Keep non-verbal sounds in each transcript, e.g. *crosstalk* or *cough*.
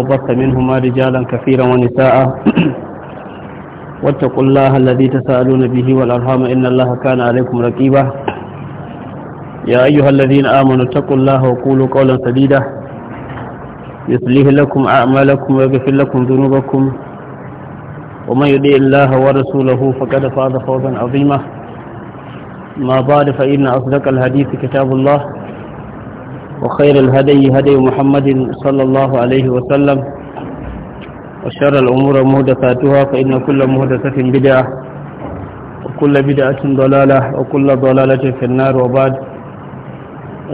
وبث منهما رجالا كثيرا ونساء واتقوا الله الذي تساءلون به والأرحام إن الله كان عليكم ركيبا يا أيها الذين آمنوا اتقوا الله وقولوا قولا سديدا يصلح لكم أعمالكم ويغفر لكم ذنوبكم ومن يطيع الله ورسوله فقد فاز فوزا عظيما ما بعد فإن أصدق الحديث كتاب الله وخير الهدي هدي محمد صلى الله عليه وسلم وشر الأمور مهدفاتها فإن كل مهدفة بدعة وكل بدعة ضلالة وكل ضلالة في النار وبعد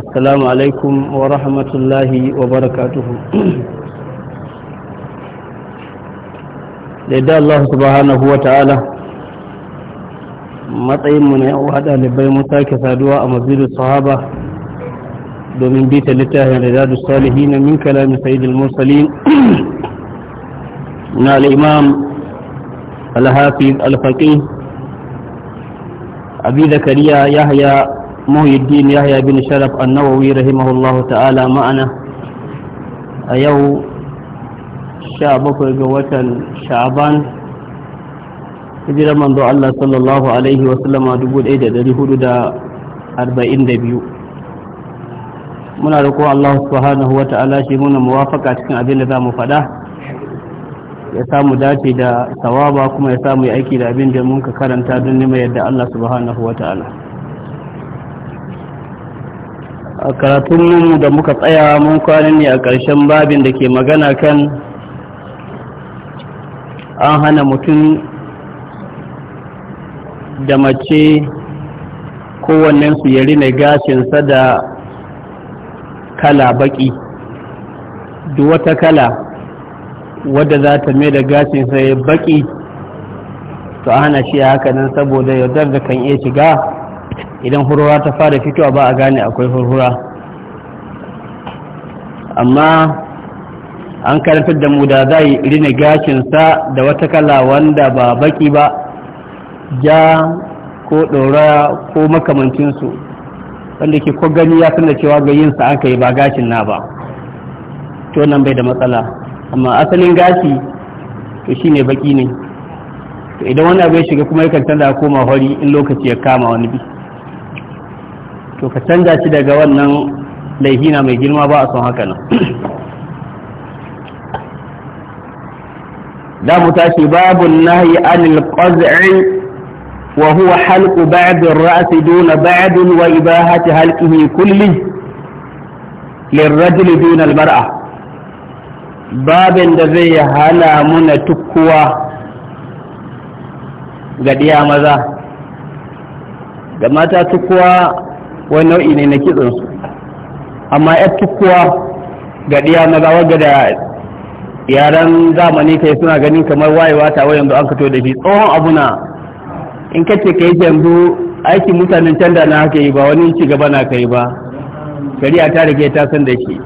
السلام عليكم ورحمة الله وبركاته لدى الله سبحانه وتعالى matsayinmu ne ya wada libai mun sake saduwa a masjidin sahaba domin bita littafin rizadu salihin min kalamin sa'id al-mursalin na al-imam al-hafiz al-faqih abi zakariya yahya muhyiddin yahya bin sharaf an-nawawi rahimahullahu ta'ala ma'ana a yau 17 ga watan sha'aban hijirar manzo Allah sallallahu Alaihi wasallama 1442 muna da kuwa Allah subhanahu wa ta'ala shi muna muwafaka cikin abin da za mu faɗa ya samu dace da sawaba kuma ya samu yi aiki da abin da mun ka karanta don nima yadda Allah subhanahu wa ta'ala a karatun mu da muka tsaya mun kwanin ne a ƙarshen babin da ke magana kan an hana mutum da mace kowannensu ya rina gashinsa da kala baki duk wata kala wadda za ta mai da gashin sai baki to ana shi haka nan saboda yaudar da kan iya shiga idan hurhura ta fara fitowa ba a gane akwai hurhura amma an karantar da mu da zai rina gashin sa da wata kala wanda ba baki ba ja ko ɗora ko makamancinsu wanda ke ko gani ya san da cewa ga yin sa aka yi ba gashin na ba to nan bai da matsala amma asalin gashi to shine baki ne to idan wani abu ya shiga kuma yakan canza koma hori in lokaci ya kama wani bi to ka canza shi daga wannan laihina mai girma ba a son haka nan da mu tashi babun nahyi anil qaz'i وهو حلق بعد الرأس دون بعد وإباحة حلقه كله للرجل دون المرأة باب دزي هلا من تكوى قد يا مذا لما تكوى ونوئي لنكذن أما يتكوى قد يا مذا وقد yaran zamani kai suna ganin kamar wayewa ta wayan da an fito da shi tsohon abu na in ka ce ka yi yanzu aikin mutanen can da na haka yi ba wani ci gaba na ka yi ba shari'a ta rike ta san da shi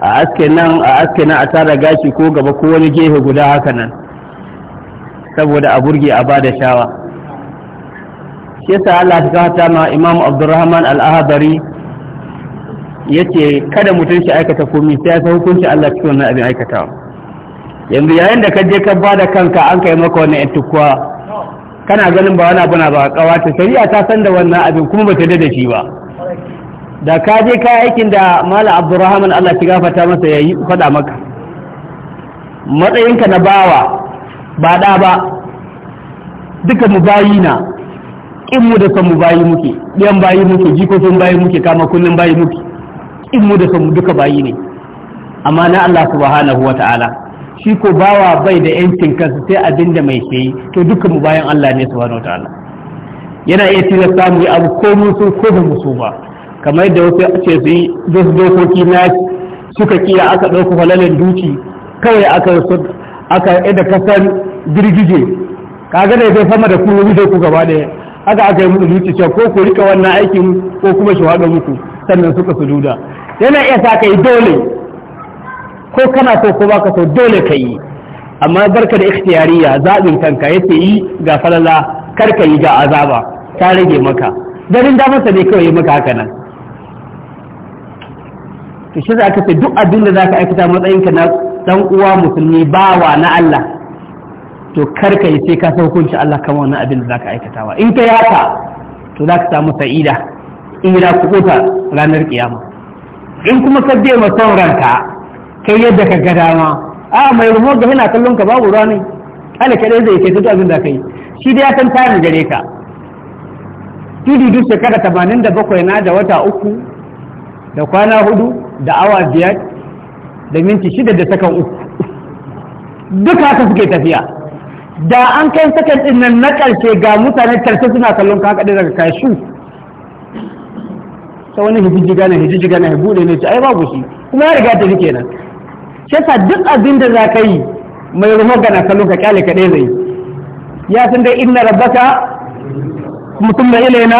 a aske nan a aske nan a tara gashi ko gaba ko wani gefe guda haka nan saboda a burge a bada shawa shi yasa Allah ta kata ma Imam Abdurrahman al ya yace kada mutum shi aikata komai sai ya hukunci Allah cikin wannan abin aikatawa yanzu yayin da ka je ka bada kanka an kai maka wannan tukwa kana ganin ba wani abu na ba kawata shari'a ta san da wannan abin kuma ba ta da shi ba da ka je ka aikin da mala abdurrahman Allah ki gafarta masa ya yi faɗa maka matsayinka na bawa ba ɗa ba duka mu bayi na in mu da son mu bayi muke ɗiyan bayi muke jikokin bayi muke kama kullum bayi muke in mu da son mu duka bayi ne amma na Allah subhanahu wa ta'ala shi ko bawa bai da yancin kansa sai abin da mai ke yi to dukkan mu bayan Allah ne su wani wataala yana iya tilas samu yi abu ko musu ko ba musu ba kamar yadda wasu ce su yi wasu dokoki na suka kiya aka ɗauku falalin duci kawai aka aka yadda kasar girgije kaga da zai fama da ku da ku gaba ɗaya haka aka yi musu duci cewa ko ku rika wannan aikin ko kuma shi haɗa muku sannan suka su duda yana iya sa ka yi dole ko kana so ko baka so dole ka yi amma barka da ikhtiyariya zaɓin kanka yace yi ga falala kar ka yi ga azaba ta rage maka garin masa ne kawai maka haka nan to shi za ka ce duk abin da za ka aikata matsayinka na dan uwa musulmi bawa na Allah to kar ka yi sai ka san hukunci Allah kan wannan abin da za ka aikatawa in ka yaka to za ka samu sa'ida in ya kuɓuta ranar kiyama in kuma ka ma ranka kai yadda ka ga dama a mai remote game na kallon ka babu ruwa ne ala kaɗai zai ke duk abin da kai shi dai ya san tarin gare ka tudu duk shekara tamanin da bakwai na da wata uku da kwana hudu da awa biyar da minti shida da sakan uku Duk haka suke tafiya da an kai sakan din nan na ƙarshe ga mutane tarsa suna kallon ka haka daga kashu sai wani hijiji gane hijiji gane ya bude ne ai babu shi kuma ya riga ta nan. shi yasa duk abin da za ka yi mai rumo gana kallon ka kyale kaɗai zai ya san dai inna rabbaka mutum mai ilaina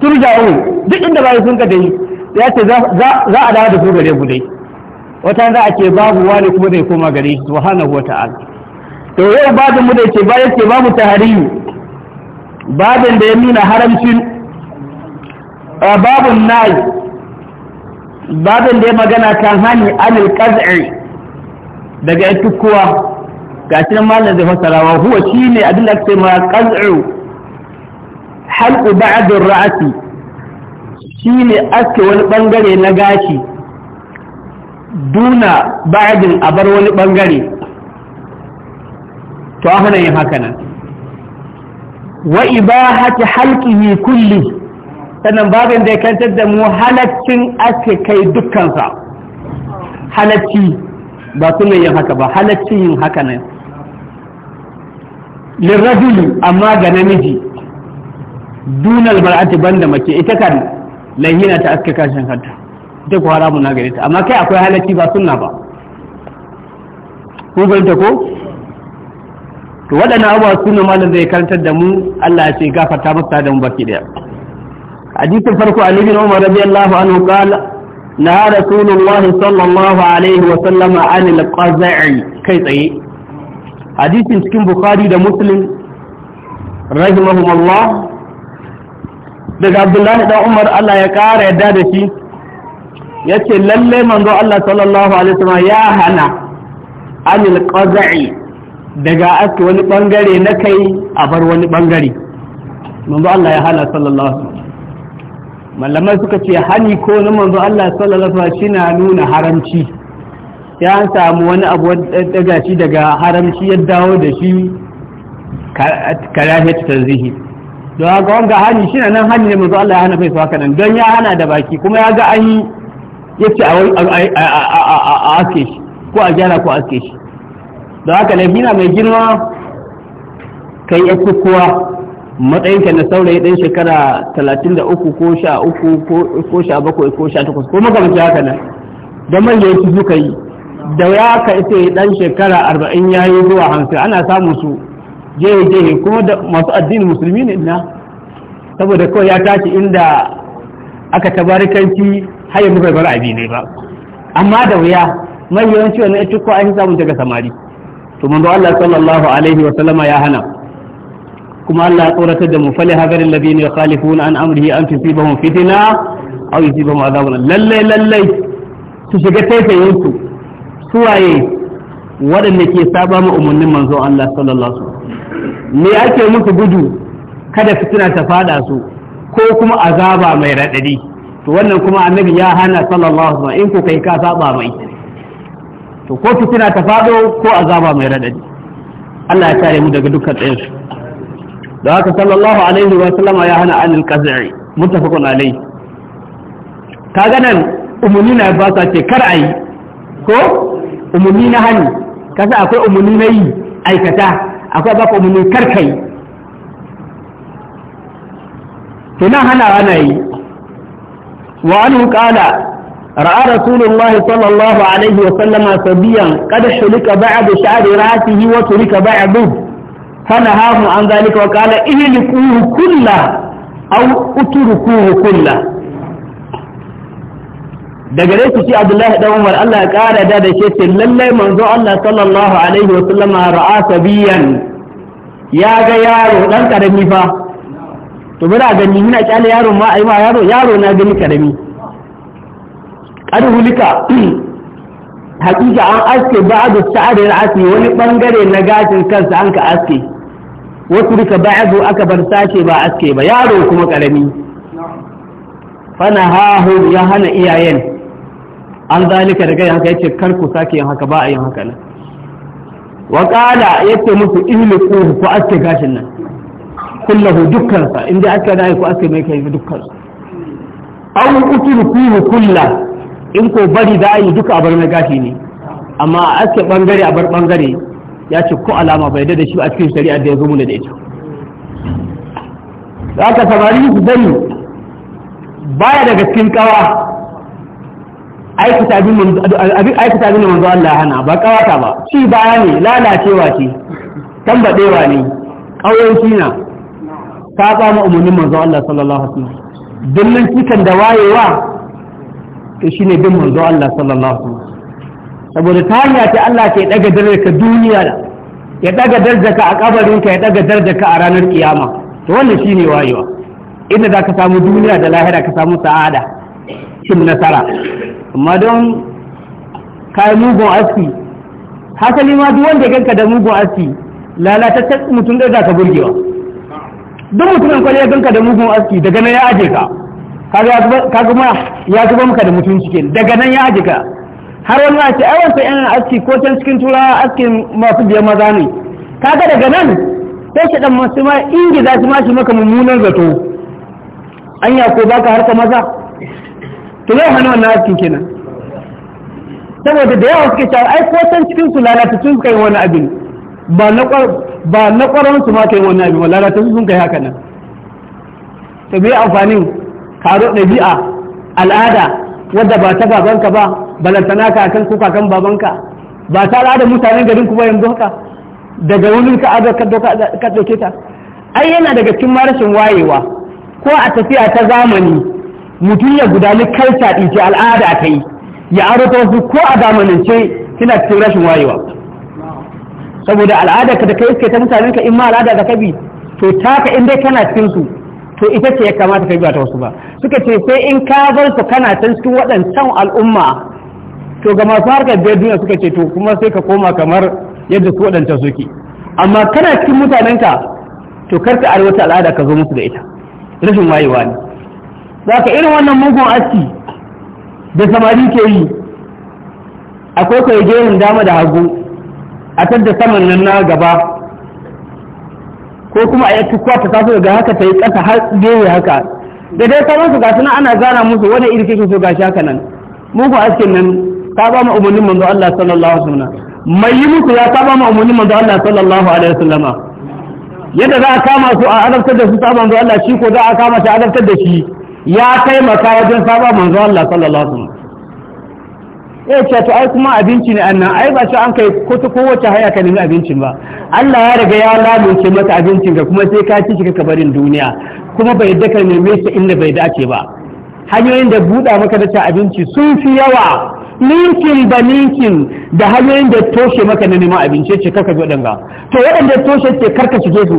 turja'u duk inda bai sun ka dai ya ce za a dawo da su gare ku dai wata za a ce babu wani kuma zai koma gare shi subhanahu wata'ala to yau babin mu da yake ba yake babu tahariyu babin da ya nuna haramcin babun nayi babin da ya magana kan hani anil qaz'i daga ita kuwa ga shi nan malam zai fasara wa huwa shine abin da ake ma qaz'u halqu ba'd ra'asi rasi shine aske wani bangare na gashi duna ba'din abar wani bangare to hana yin haka nan wa ibahati halqihi kulli sannan babin da ya kantar da mu halaccin ake kai dukkansa halacci ba su yin haka ba halaccin yin haka ne lirrajuli amma ga namiji dunal bar'ati banda mace ita kan lahina ta aske kashin hanta ita ko haramu na gare ta amma kai akwai halacci ba sunna ba ko ta ko to waɗannan abubuwa suna malam zai karantar da mu Allah ya ce gafarta masa da mu baki daya حديث الفرق عن ابن عمر رضي الله عنه قال نهى رسول الله صلى الله عليه وسلم عن القزع كيف حديث cikin bukhari da muslim rahimahumullah daga abdullahi dan umar Allah ya kara yadda da shi yace lalle manzo Allah sallallahu alaihi wasallam ya hana anil qaza'i daga aski wani bangare na kai a bar wani bangare manzo Allah ya hana sallallahu alaihi malamai suka ce hani ko na manzo Allah sallallahu alaihi shi na nuna haramci ya an samu wani abu daga shi daga haramci ya dawo da shi karahiyar tanzihi don haka wanga hani shi na nan hani ne manzo Allah ya hana faifa haka nan don ya hana da baki kuma ya ga an yi ya ce a aske shi ko a gyara ko aske shi don haka laifina mai girma kai ya kowa matsayinka na saurayi ɗan shekara talatin da uku ko sha uku ko sha bakwai ko sha takwas ko makamanci haka nan da manyan su suka yi da ya ka ita ɗan shekara arba'in ya yi zuwa hamsin ana samun su jehe jehe kuma da masu addinin musulmi ne na saboda kawai ya tashi inda aka tabarikanci har mu bai bar abi ne ba amma da wuya mai yawanci wani ita ko an samun daga samari to manzo Allah sallallahu alaihi wa sallama ya hana kuma Allah ya tsoratar da mu fali hagarin hadarin ladina na an amrihi an fi tusibahum fitna aw yusibahum adhabun lalle lalle su shiga taitayin su suwaye waɗanda ke saba ma umarnin manzo Allah sallallahu alaihi wasallam me ake musu gudu kada fitina ta fada su ko kuma azaba mai raɗaɗi? to wannan kuma annabi ya hana sallallahu alaihi wasallam in ko kai ka saba mai to ko fitina ta fado ko azaba mai raɗaɗi. Allah ya kare mu daga dukkan tsayin da haka sallallahu alaihi wa sallama ya hana anil qaz'i muttafaqun alaihi kaga nan umuni na ba sa ce kar ai ko umuni na hani kasa akwai umuni na yi aikata akwai baka umuni kar kai to na hana ana yi wa an qala ra'a rasulullahi sallallahu alaihi wa sallama sabiyan qad shulika ba'd sha'ri ra'sihi wa turika ba'd فنهاهم عن ذلك وقال اهلكوه كله أو اتركوه كله da gare su ci Abdullahi dan Umar Allah ya kara da da shi ce lalle manzo Allah sallallahu alaihi wa sallama ra'a sabiyan ya ga yaro dan karami fa to muna gani muna kyale yaro ma ai ma yaro yaro na gani karami karhulika *clears throat* hakika an aske ba ba'd sa'ad al-asmi wani bangare na gashin kansa an ka aske wasu duka ba'adu aka bar sace ba aske ba yaro kuma karami fana hahu ya hana iyayen an zalika daga yin haka yace kar ku sake yin haka ba a yin haka nan wa qala yace musu ihliqu ku aske gashin nan kullahu dukkan sa inda aka dai ku aske mai kai dukkan sa aw kuhu kullah in ko bari da yi duka a bar na gashi ne amma a aske bangare a bar bangare ya ce ko alama bai da shi a cikin shari'a da ya zo mana da ita da aka samari su bari baya daga cikin kawa aikata abin da manzo Allah hana ba kawata ba shi baya ne lalacewa ce tambadewa ne ƙauyanci na ta tsama umarnin manzo Allah sallallahu alaihi wasallam dillin cikin da wayewa to ne bin manzo Allah sallallahu alaihi saboda ta hanya ta Allah ke daga darajar ka duniya ya daga darajar ka a kabarin ka ya daga darajar ka a ranar kiyama to wannan shine wayewa inda za ka samu duniya da lahira ka samu sa'ada cin nasara amma don kayan mugun aski hasali ma duk wanda ganka da mugun aski lalataccen mutum da za burgewa duk mutumin kwalli ya ganka da mugun aski daga nan ya aje ka kaga ya zuba maka da mutunci ke daga nan ya aje ka har wani ma ce ai yan aski ko can cikin turawa askin masu biyan maza ne kaga daga nan sai shi dan masu ma ingiza za su shi maka mummunan zato anya ko baka harka maza to zai hana wannan askin kenan saboda da yawa suke cewa ai ko can cikin su lalata sun kai wani abin ba na ba na kwaron su ma kai wani abin lalata sun kai haka nan to me amfanin karo ɗabi'a al'ada wadda ba ta babanka ba balantana kan ko kakan babanka ba ta da mutanen garin ku ba yanzu haka daga wurin ka azar ka doke ta ai yana daga cikin marashin wayewa ko a tafiya ta zamani mutum ya gudani kalta ɗin al'ada ta yi ya aro ta wasu ko a zamanance kina cikin rashin wayewa saboda al'ada ka da kai iske ta mutanen ka in ma al'ada da kabi to taka in dai kana cikin su to ita ce ya kamata ka ba ta wasu ba suka ce sai in ka bar su kana cikin waɗancan al'umma to ga masu harkar biyar duniya suka ce to kuma sai ka koma kamar yadda su waɗanta suke amma kana cikin mutanenka to karka a wata al'ada ka zo musu da ita rashin wayewa ne za ka irin wannan mugun aski da samari ke yi akwai kwaye gerin dama da hagu a da saman nan na gaba ko kuma a yaki kwata ta ga haka ta yi ƙasa har gewe haka da dai sauransu ga suna ana gana musu wani irin kake so gashi haka nan mugun askin nan saba ma umarnin manzo Allah sallallahu alaihi wasallam mai yi muku ya saba ma umarnin manzo Allah sallallahu alaihi wasallama yadda za a kama su a adabtar da su saba manzo Allah shi ko za a kama shi adabtar da shi ya kai maka wajen saba manzo Allah sallallahu alaihi wasallam eh to ai kuma abinci ne annan ai ba shi an kai ko ta kowace haya ka nemi abincin ba Allah ya riga ya lamunce maka abincin ka kuma sai ka ci shi ka barin duniya kuma bai yadda ka neme shi inda bai dace ba hanyoyin da buɗa maka da abinci sun fi yawa ninkin ba ninkin da hanyoyin da toshe maka na neman abinci ce karka bi waɗanga to waɗanda toshe ce karka shige su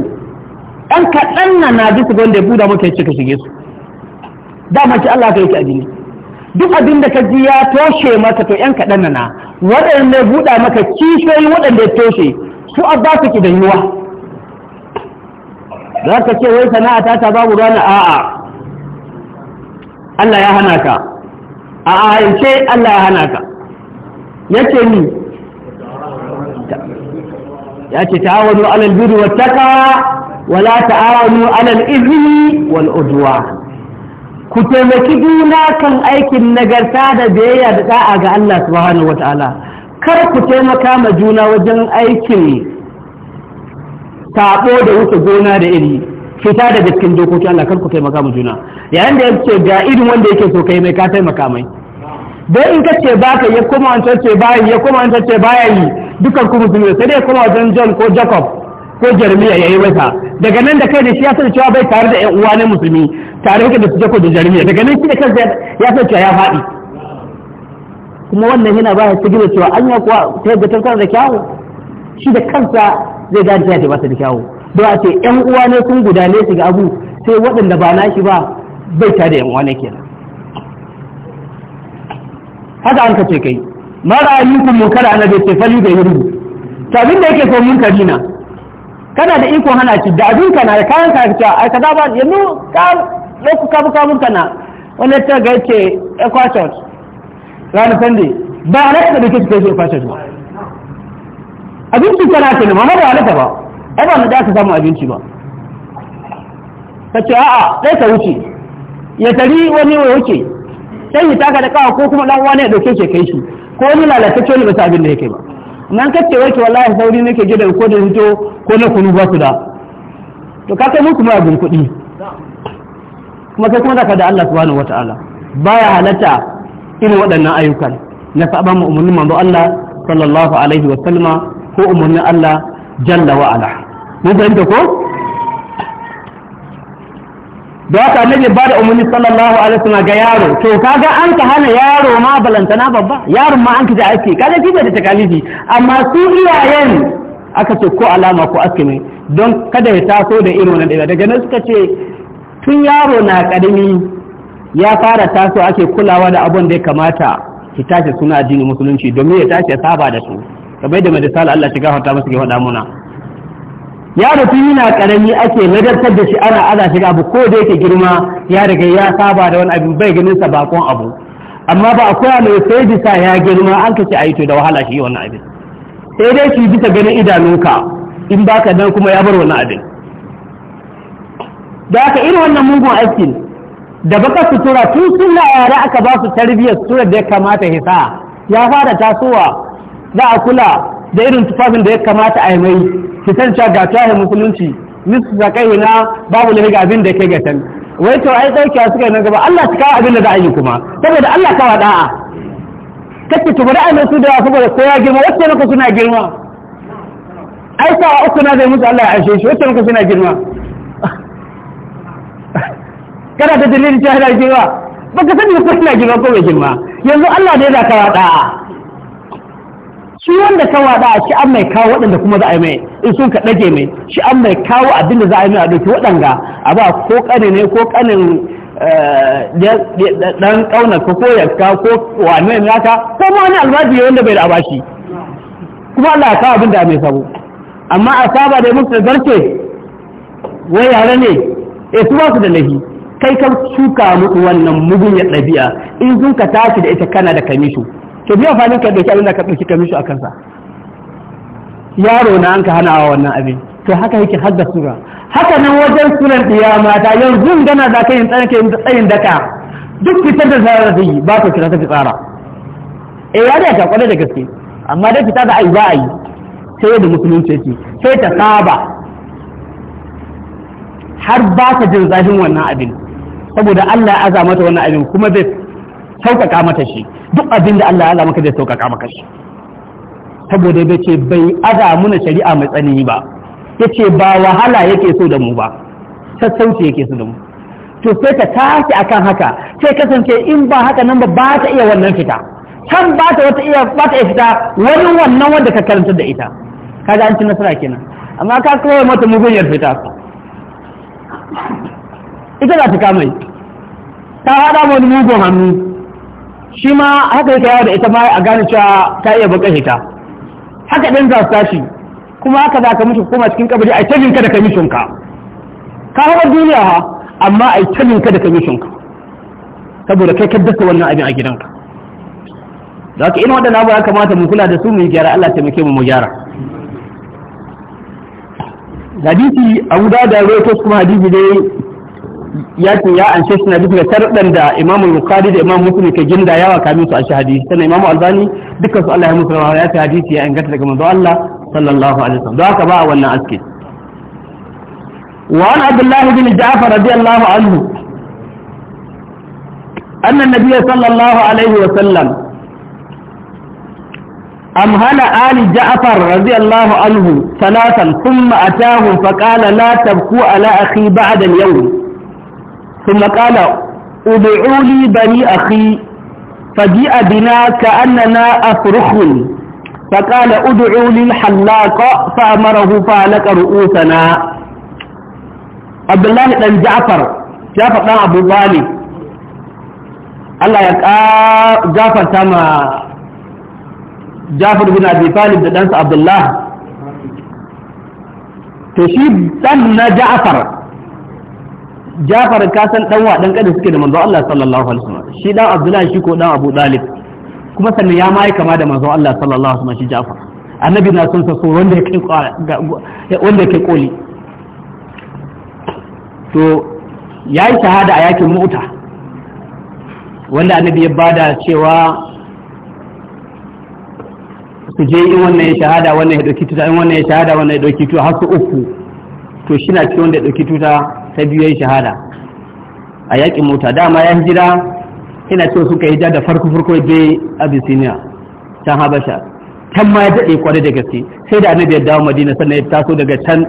ɗan kaɗan na na duk wanda ya buɗa maka ya ce ka shige su dama ce Allah ka yake abin duk abin da ka ji ya toshe maka to ɗan kaɗan na na waɗanda ya buɗa maka kishiyoyi waɗanda ya toshe su a ba su za ka ce wai sana'a ta ta babu rana a'a Allah ya hana ka a ayance Allah ya hana ka yace ni ya ce wani alal birri wa taqwa wala ta'awanu alal izini wal udwa ku taimaki juna kan aikin nagarta da biyayya da da'a ga Allah subhanahu Ta'ala. kar ku taimaka ma juna wajen aikin tabo da wuce gona da iri fita daga cikin dokokin Allah kar ku taimaka mu juna yayin da yake ga irin wanda yake so kai mai ka taimaka mai dan in kace ba ka ya kuma an tace ba ya kuma an tace ba yi dukan ku musulmi sai dai kuma wajen John ko Jacob ko Jeremiah yayi wata daga nan da kai da shi ya san cewa bai tare da ƴan uwa ne musulmi tare da su Jacob da Jeremiah daga nan shi da kansa ya san cewa ya faɗi kuma wannan yana ba ya sigila cewa an ya kuwa ta yadda tankar da kyawu shi da kansa zai gane ta ba ta da kyawu don a ce yan uwa sun gudane su ga abu sai waɗanda ba na shi ba bai ta da yan uwane ke. haka an ka ce kai mara ayyukum munkara annabi ce fali da yurdu to abin da yake so munkari na kana da iko hana shi da abin kana da kayan ka ce ai kaza ba yanzu ka loku ka buka mun kana wani ta ga yake equator ranar sunday ba halatta da kike kai equator ba abin ki kana ce ne ma ba halatta ba ai ba mu da ka samu abinci ba ka ce a'a sai ka wuce ya tari wani wa yake sai ya taka da kawa ko kuma dan wani ya dauke shi kai shi ko wani lalatacce ne ba ta abin da yake ba nan ka ce wake wallahi sauri nake gidan ko da hito ko na kunu ba su da to ka kai mun kuma abin kuɗi kuma kai kuma zaka da Allah subhanahu wataala baya halatta irin waɗannan ayyukan na saban mu umurnin manzo Allah sallallahu alaihi wa sallama ko umarnin Allah jalla wa ala mun fahimta ko da haka annabi ba da umarni sallallahu alaihi wasallam ga yaro to kaga an ka hana yaro ma balantana babba yaron ma an ka da aiki. kaga shi da takalifi amma su iyayen aka ce ko alama ko aski ne don kada ya taso da irin wannan daga daga nan suka ce tun yaro na karami ya fara taso ake kulawa da abun da ya kamata ki tashi suna addinin musulunci domin ya tashi ya saba da su kamar da mai Allah shiga hota musu ke faɗa muna yaro tun yana karami ake nadartar da shi ana ana shiga abu ko da yake girma ya riga ya saba da wani abu bai ganin sa bakon abu amma ba akwai mai sai bisa ya girma an kace ayi to da wahala shi wannan abin sai dai shi bisa ganin idanunka in baka dan kuma ya bar wannan abin da aka irin wannan mugun aikin da baka sutura tun suna yare aka ba su tarbiyyar surar da ya kamata hisa ya fara tasowa za a kula da irin tufafin da ya kamata a yi mai fitan cewa ga tahin musulunci nisu sa kai na babu lahi ga abin da ke gatan wai to ai a suka yi nan gaba Allah ta kawo abin da za a yi kuma saboda Allah kawa da'a kake to bari ai su da saboda ko ya girma wacce maka suna girma ai sa uku na zai musu Allah ya aishe shi wacce maka suna girma kana da dalilin cewa yana girma baka sani ko suna girma ko bai girma yanzu Allah ne za ka wa da'a shi wanda ka wada shi an mai kawo waɗanda kuma za a yi mai in sun ka ɗage mai shi an mai kawo abin da za a yi mai a doki waɗanga a ba ko ƙane ne ko ƙanin eh, ɗan ƙaunar ko ko ka ko wane ne haka ko ma wani albashi ne wanda bai da bashi. kuma Allah ya kawo abin da mai sabo amma a saba da musu zarce wai yare ne e su ba su da lahi kai kan shuka mutu wannan mugun ya ɗabi'a in sun ka tashi da ita kana da kamishu to biya amfanin ka da shi abin da ka ɗauki kamisho a kansa yaro na an ka hana wa wannan abin to haka yake hadda sura haka nan wajen sunan ɗiya mata yanzu gana za ka yin tsayin daka duk fitar da zara zai yi ba ka kira ta fitsara Eh ya da ka kwada da gaske amma dai fita da ai ba a sai yadda musulunci yake sai ta saba har ba ka jin zafin wannan abin saboda Allah ya aza mata wannan abin kuma bai sauƙaƙa mata shi duk abin da Allah ya maka zai sauƙaƙa maka shi saboda ya ce bai aza muna shari'a mai tsanani ba ya ce ba wahala yake so da mu ba sassauci yake so da mu to sai ta tashi akan haka sai kasance in ba haka nan ba ba ta iya wannan fita can ba ta wata iya ba ta iya fita wani wannan wanda ka karanta da ita kaga an ci nasara kenan amma ka kawai mata mugunyar fita ita za ta kamai ta haɗa wani mugun hannu shi ma haka yake da ita ma a gane cewa ta iya baka hita haka ɗin za su tashi kuma haka za ka mutu kuma cikin kabari a yi tabinka da kamishinka ka haɓar duniya ha amma a yi tabinka da kamishinka saboda kai kaddasa wannan abin a gidanka da haka ina waɗanda abu ya kamata mu kula da su mu yi gyara Allah taimake mu mu gyara hadisi abu da da rotos kuma hadisi dai ya ce ya anshe shi na duk da sharɗan da imamul bukhari da imam muslim ke ginda yawa kamin su anshi hadisi sannan imamu albani duka su Allah ya musu rawa ya ce hadisi ya inganta daga manzo Allah sallallahu alaihi wasallam don haka ba a wannan aski wa an abdullahi bin ja'far radiyallahu anhu anna nabiyya sallallahu alaihi wasallam أمهل آل جعفر رضي الله عنه ثلاثا ثم أتاهم فقال لا تبكوا على أخي بعد اليوم ثم قال ادعوا لي بني أخي فجاء بنا كأننا أفرخ فقال ادعوا لي الحلاق فأمره فعلك رؤوسنا عبد الله بن جعفر جعفر بن أبو ظالي الله يقع آه، جعفر تما جعفر بن أبي طالب بن عبد الله تشيب سن جعفر Jafar ka san dan wa dan kada suke da manzo Allah sallallahu alaihi wasallam shi dan Abdullahi shi ko dan Abu dalib kuma sannan ya mai kama da manzo Allah sallallahu alaihi wasallam shi Jafar annabi na son sa so wanda yake wanda yake koli to yayi shahada a yakin Mu'ta wanda annabi ya bada cewa su je in wannan ya shahada wannan ya dauki tuta in wannan ya shahada wannan ya dauki tuta har su uku to shi na cikin wanda ya dauki tuta ta biyu yayin shahada a yakin mota dama ya hijira ina cewa suka hijira da farko farko je abisiniya can Habasha can ma ya daɗe kwarai da gaske sai da annabi ya dawo Madina sannan ya taso daga can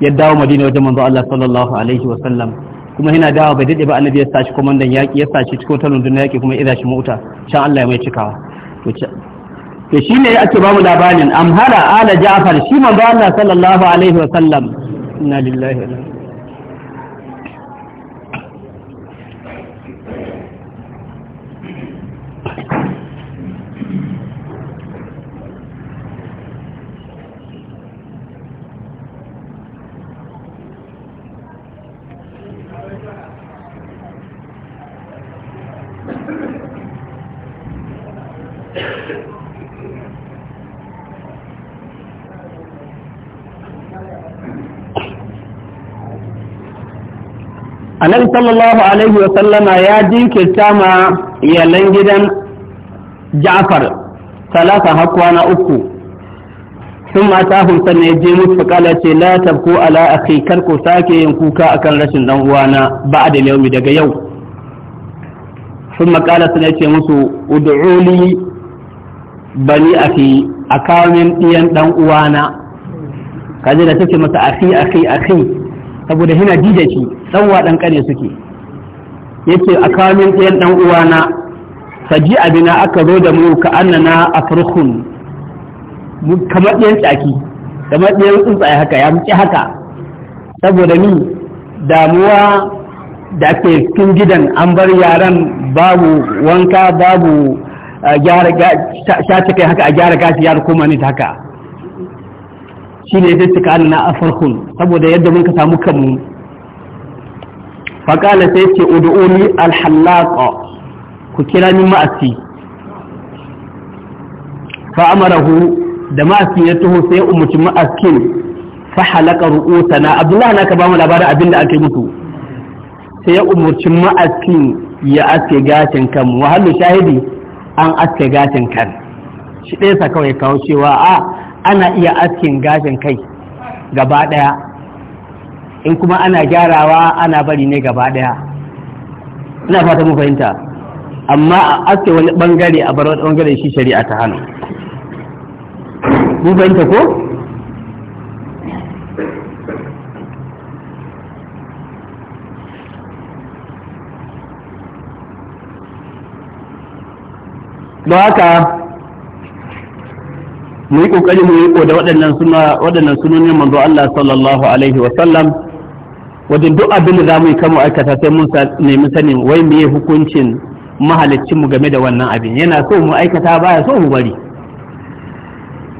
ya dawo Madina wajen manzo Allah sallallahu alaihi wa sallam kuma ina dawo bai daɗe ba annabi ya sashi komandan yaki ya sashi cikin ta rundunar yaki kuma ya shi mota can Allah ya mai cikawa to shi ne ake ba mu labarin amhara ala ja'far shi manzo Allah sallallahu alaihi wa sallam inna lillahi wa inna annabi sallallahu alaihi wa sallama ya jinkirta ma iyalan gidan ja'far talata hakuwa na uku sun mata hulsar ne je musu kala ce la tabku ala akhi kar ku sake yin kuka akan rashin dan uwana ba da yaumi daga yau sun makala sun ce musu ud'uli bani akhi a kawo ɗiyan dan uwana kaje da take masa akhi akhi akhi saboda hina dida shi tsawa ɗan ƙare suke yace a kamin ɗayan ɗan uwana faji abina aka zo da mu ka annana a farkon kamar ɗayan tsaki kamar ɗayan tsuntsaye haka ya muke haka saboda ni damuwa da ake cikin gidan an bar yaran babu wanka babu ah, gyara shaci kai haka a gyara gashi yar kuma ni haka shi ne zai cika ana a farkon saboda yadda mun ka samu kanmu faƙala sai ce udu'uni alhallaƙa ku kira min ma'asi fa'amarahu da ma'asi ya taho sai umarci ma'askin fa halaka na abdullahi na ka ba mu labarin abin da ake mutu sai ya umarci ma'askin ya aske gashin kan wahalu shahidi an aske gashin kan shi ɗaya sa kawai kawo cewa a ana iya askin gashin kai gaba ɗaya in kuma ana gyarawa ana bari ne gaba ɗaya ina fata mu fahimta amma a aske wani bangare a bar wani bangare shi shari'a ta hannu mu fahimta ko ba haka mu yi kokari mu yi da waɗannan suna waɗannan sunonin manzo Allah sallallahu alaihi wa sallam wajen duk abin da za mu yi kama aikata sai mun nemi sanin wai me ya hukuncin mahalicin mu game da wannan abin yana so mu aikata baya so mu bari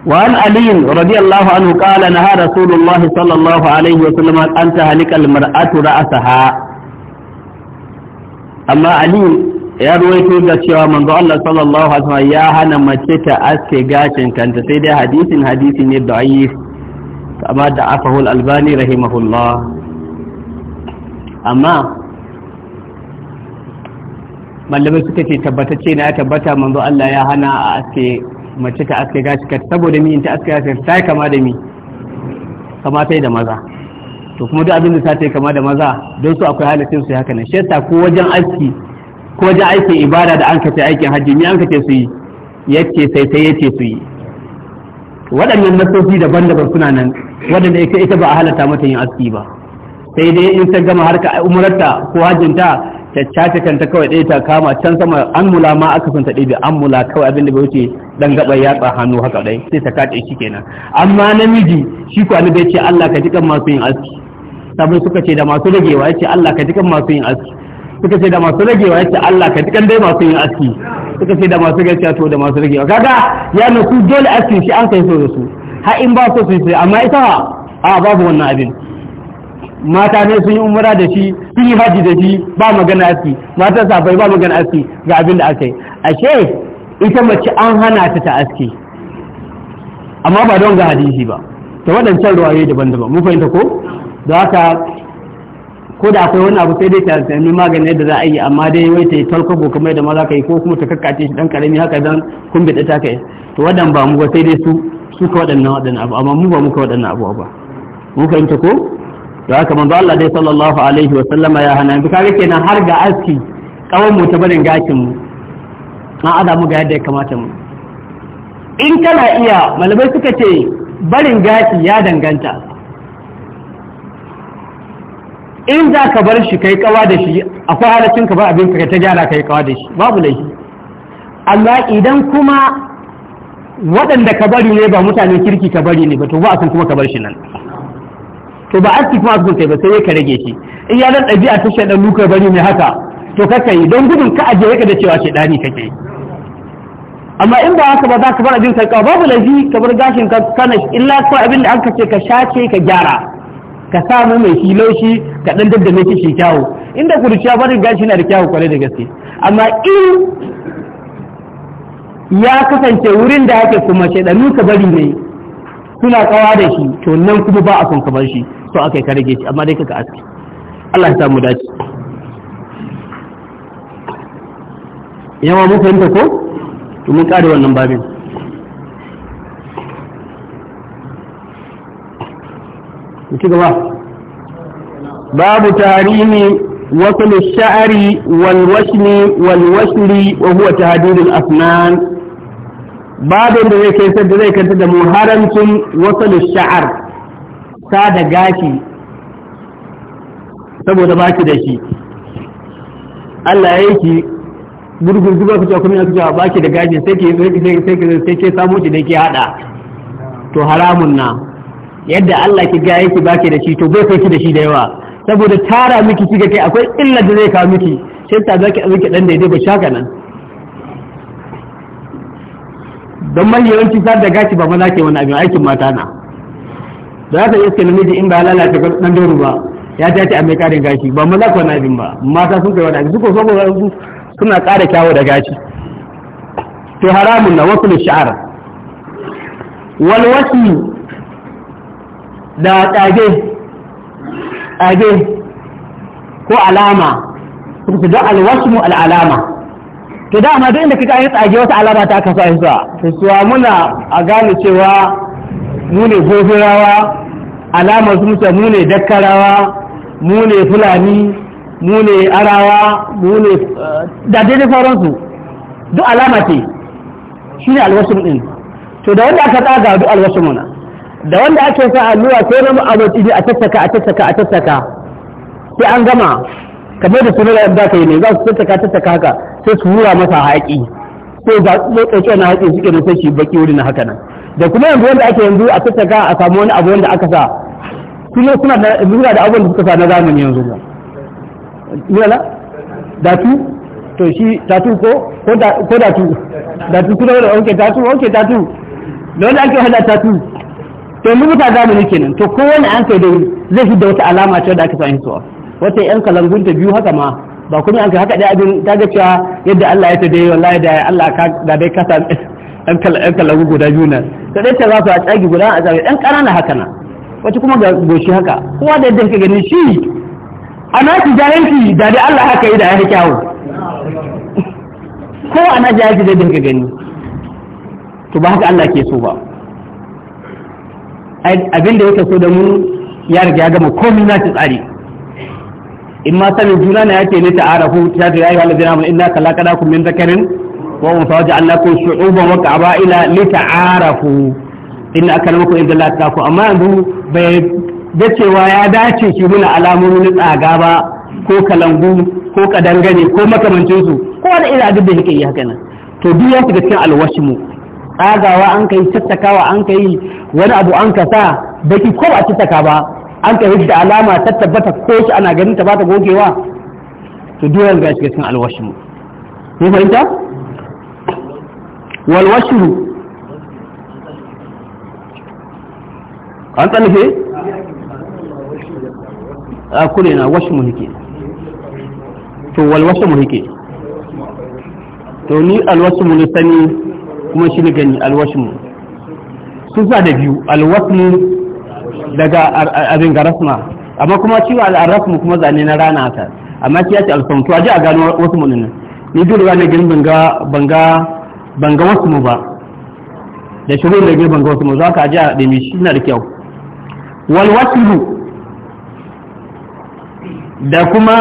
wa an ali radiyallahu anhu qala naha rasulullah sallallahu alaihi wa sallam an tahalika al mar'atu ra'saha amma ali ya ruwaito ga cewa manzo Allah sallallahu alaihi wasallam ya hana mace ta aske gashin kanta sai dai hadisin hadisi ne da'if kama da afahu al-albani rahimahullah amma malamai suka ce ce na ya tabbata manzo Allah ya hana a aske mace ta aske gashi kanta saboda mi in ta aske gashi ta kama da mi kama sai da maza to kuma duk abin da ta kama da maza don su akwai halittar su haka ne shi ko wajen aski ko da aikin ibada da an kace aikin hajji ni an kace su yi yace sai sai yace su yi waɗannan nasofi daban-daban suna nan waɗanda ita ita ba a halatta mata yin aski ba sai dai in ta gama harka umarta ko hajjinta ta cace kanta kawai ɗaya ta kama can sama an mula ma aka san ta ɗaya an mula kawai abinda bai wuce dan gaba ya tsa hannu haka ɗai sai ta kace shi kenan amma namiji shi ko annabi ya ce Allah ka jikan masu yin aski sabai suka ce da masu ragewa ya ce Allah ka jikan masu yin aski suka ce da masu ragewa ya ce Allah ka tikan dai masu yin aski suka ce da masu gaciya to da masu ragewa kaga ya na dole aski shi an kai so da su har in ba su su sai amma ita a babu wannan abin mata ne sun yi umura da shi sun yi haji da shi ba magana aski mata sa bai ba magana aski ga abin da aka yi ashe ita mace an hana ta ta aski amma ba don ga hadisi ba ta waɗancan ruwaye daban-daban mun fahimta ko da haka ko da akwai wani abu sai dai ta tsanani maganin yadda za a yi amma dai wai ta yi talkwabo kamar yadda ma za ka yi ko kuma ta kakkace shi dan karami haka dan kun bida ta kai to wadan ba mu ba sai dai su su ka wadannan waɗannan abu amma mu ba mu ka waɗannan abu ba mun fahimta ko da haka manzo Allah dai sallallahu alaihi wa sallama ya hana bi kage kenan har ga aski kawan mu ta barin gakin mu an ada mu ga yadda ya kamata mu in kana iya malamai suka ce barin gashi ya danganta in za ka bar shi kai kawa da shi akwai halacin ka ba abin ka ta gyara kai kawa da shi babu laifi amma idan kuma waɗanda ka bari ne ba mutane kirki ka bari ne ba to ba a san kuma ka bar shi nan to ba aski kuma sun kai ba sai ka rage shi in ya dan ɗabi'a ta shaɗan nuka bari ne haka to ka kai don gudun ka ajiye ka da cewa shaɗani kake yi amma in ba haka ba za ka bar abin kai kawa babu laifi ka bar gashin ka kana illa ko abin da an ka ce ka shace ka gyara ka samu mai shi laushi ka dan daddame mai shi kyawu inda kurciya barin gashi na da kyawu kwarai da gaske amma in ya kasance wurin da ake kuma shaidanu ka bari ne suna kawa da shi to nan kuma ba a son ka bar shi to aka ka rage shi amma dai kaka aski Allah ya samu dace yawa mun fahimta ko to mun kare wannan babin gaba babu tarihi wasu sha'ari walwashni walwashri wa huwa tahdidul asnan babin da zai kai da zai kanta da muharamcin wasu sha'ar ta da gashi saboda baki da shi Allah ya yi ki gurgurgu ba ku ce kuma ya baki da gashi sai ke sai ke sai ke samu shi da ke hada to haramun na yadda Allah ki gaya yake baki da shi to bai kai ki da shi da yawa saboda tara miki kiga kai akwai illa da zai kawo miki sai ta zaki miki dan daidai ba shaka nan don mai yawanci sa da gaci ba maza ke wani abin aikin mata na za ta iske namiji in ba lalata dan doro ba ya ta ce a mai karin gashi ba maza ko wani abin ba mata sun kai wani abin ko so suna kara kyawo da gashi to haramun na wasu shi'ar wal wasi da ɗage, ɗage ko alama su da alwasmu al'alama to dama duk inda kika yi tsage wata alama ta kasu a yasa to suwa muna a gane cewa mu ne gofirawa alamar su musa mu ne dakkarawa mu ne fulani mu ne arawa mu ne da daidai sauransu duk alama ce shi ne alwasmu ɗin to da wanda aka tsaga duk alwasu na da wanda ake sa alluwa sai na mu'amaci a tattaka a tattaka a tattaka sai an gama kamar da sunan yadda ka yi ne za su tattaka tattaka haka sai su hura masa haƙi sai ga tsotsoce na haƙi suke da sai shi baki na haka nan da kuma yanzu wanda ake yanzu a tattaka a samu wani abu wanda aka sa kuma suna da zuwa da abubuwan da suka sa na zamani yanzu ba yana datu to shi tatu ko ko datu datu kuma wanda wanke tatu wanke da wanda ake hada tatu to ta muta zamani kenan to kowane an kai da zai fi da wata alama ce da aka sani hisuwa wata yan kalangun ta biyu haka ma ba kuma an kai haka dai abin ta ga cewa yadda Allah ya tada wallahi da Allah ka da dai kasa yan kalangun guda biyu nan to dai ta za su a tsagi guda a tsagi yan ƙanana haka na wata kuma ga goshi haka kowa da yadda ka gani shi a na jahilci da dai Allah haka yi da ya kyawu ko a nashi jahilci da yadda ka gani to ba haka Allah ke so ba abin da yake so da mu ya riga ya gama komai na ci tsari in ma sanin juna na yake ne ta'arafu ta ga ayyuhal ladina amanu inna khalaqnakum min zakarin wa unsa waja'alnakum shu'uban wa qaba'ila lita'arafu inna akramakum inda Allah ta'ku amma yanzu bai da cewa ya dace shi nuna alamomin tsaga ba ko kalangu ko kadangane ko su ko wani ila duk da yake yi haka nan to duk ya shiga cikin alwashmu tsagawa an kai tattakawa an kai wani abu an kasa baki ko ba tattaka ba an kai da alama ta tabbata ko shi ana ganin ta ba ta gogewa to duk yanzu a cikin alwashi alwashin ne fahimta walwashin an tsanife a kure na mu muhike to mu muhike to ni alwashi mu ne sani kuma shi gani alwashin sun sa da biyu alwasni daga abin ga rasma amma kuma ciwo al'arrasmu kuma zane na rana ta amma ki yace alfamtu aje a gano wasu mu ne ni dole ba ne ganin banga banga banga wasu mu ba da shi da gaban banga wasu mu za ka aje a demi shi na da kyau wal da kuma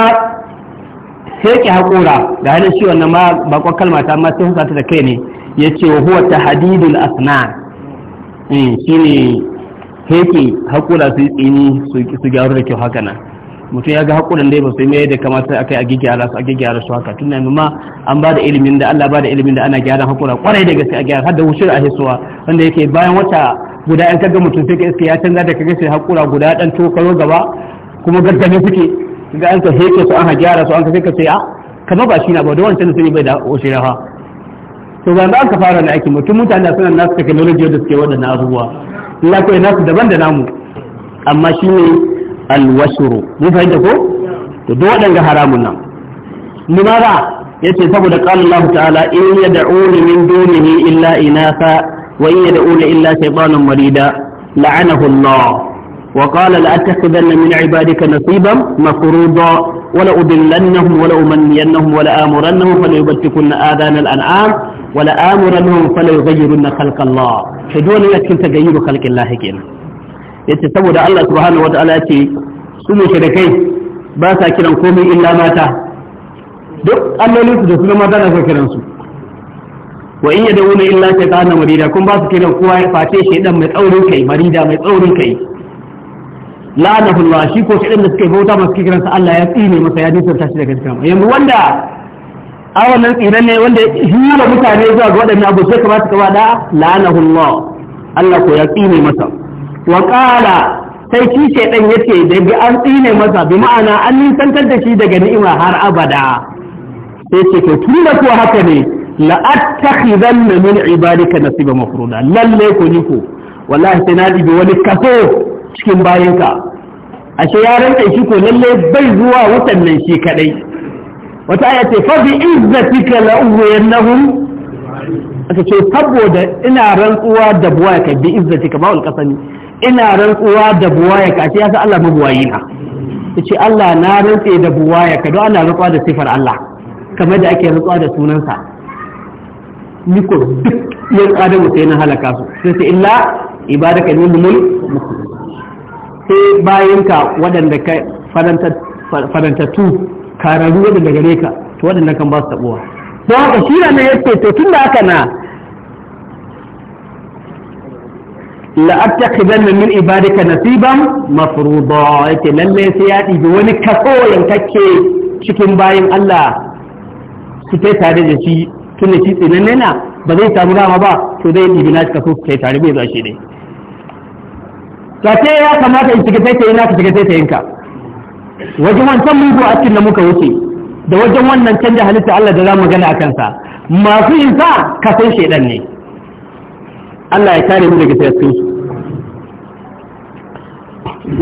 sai ki haƙura ga halin shi wannan ma bakon kalmata ma sai hukata da kai ne ya ce wa huwa ta asna eh, shi ne heke haƙura su tsini su gyaru da kyau haka nan mutum ya ga hakuran dai ba su mai da kamata a kai a gyara su a gyara su haka tun nan ma an ba da ilimin da Allah ba da ilimin da ana gyara haƙura kwarai da gaske a gyara har da wucin a hisuwa wanda yake bayan wata guda yan kaga mutum sai ka iske ya canza da kaga sai haƙura guda ɗan tokaro gaba kuma gaggame suke ga an ka heke su an gyara su an ka sai ka sai a ah, kamar ba shi na ba da wancan sun yi bai da wucin ha to ba za ka fara da aiki mutum mutane suna nasu technology da suke na abubuwa Allah kai nasu daban da namu amma shi ne alwashuru mun fahimta ko to duk waɗanga haramun nan munara yace saboda qala Allah ta'ala in yad'uni min dunihi illa inasa wa in yad'uni illa shaytanan marida la'anahu Allah وقال لأتخذن من عبادك نصيبا مفروضا ولأضلنهم ولأمنينهم ولآمرنهم فليبتكن آذان الأنعام wala amurannahum fala yughayyirunna khalqa Allah shi dole a cikin tagayyuru khalqi Allah kenan yace saboda Allah subhanahu wataala yace su ne kai ba sa kiran komai illa mata duk allolin su da su mata na kiran su wa in yad'una illa shaytanan marida kun ba su kiran kowa ya face mai tsaurin kai marida mai tsaurin kai la'anahu Allah shi ko shaydan da suke bauta masu kiransa Allah ya tsine masa ya nisanta shi daga cikin wanda a wannan tsinan ne wanda hira mutane zuwa ga waɗannan abu sai kamata ka bada la'anahullah Allah ko ya tsine masa wa qala sai shi shaydan yace da bi an tsine masa bi ma'ana an nisantar da shi daga ni'ima har abada sai ce to tun ko haka ne la attakhidanna min ibadika nasiba mafruda lalle ko ni ko wallahi sai na dibi wani kaso cikin bayanka ashe ya kai shi ko lalle bai zuwa wutan nan shi kadai wata aya ce fa bi izzatika la uwayannahum aka ce saboda ina rantsuwa da buwaya ka bi izzatika ba alqasami ina rantsuwa da buwaya ka ce ya sa Allah mabuwayi na ce Allah na rantse da buwaya ka don ana rantsuwa da sifar Allah kamar da ake rantsuwa da sunansa niko duk yan adamu sai na halaka su sai sai illa ibadaka min mul sai bayanka waɗanda ka faranta farantattu kararu wadanda gare ka to waɗanda kan ba su tabuwa don haka shi na ya ce to tun da haka na na min ibadika nasiban ya yake lallai sai ya ɗibi wani kaso yankakke cikin bayan Allah su kai tare da shi tun da shi tsinan na ba zai samu dama ba to zai ɗibi na kaso su kai tare bai zashi ne. ta ce ya kamata in shiga sai ta yi na ka shiga sai ta yinka wajen wancan mun a cikin da muka wuce da wajen wannan canja halitta Allah da za mu gana a kansa masu yin sa kafin shaidan ne Allah ya kare mu daga sayassun su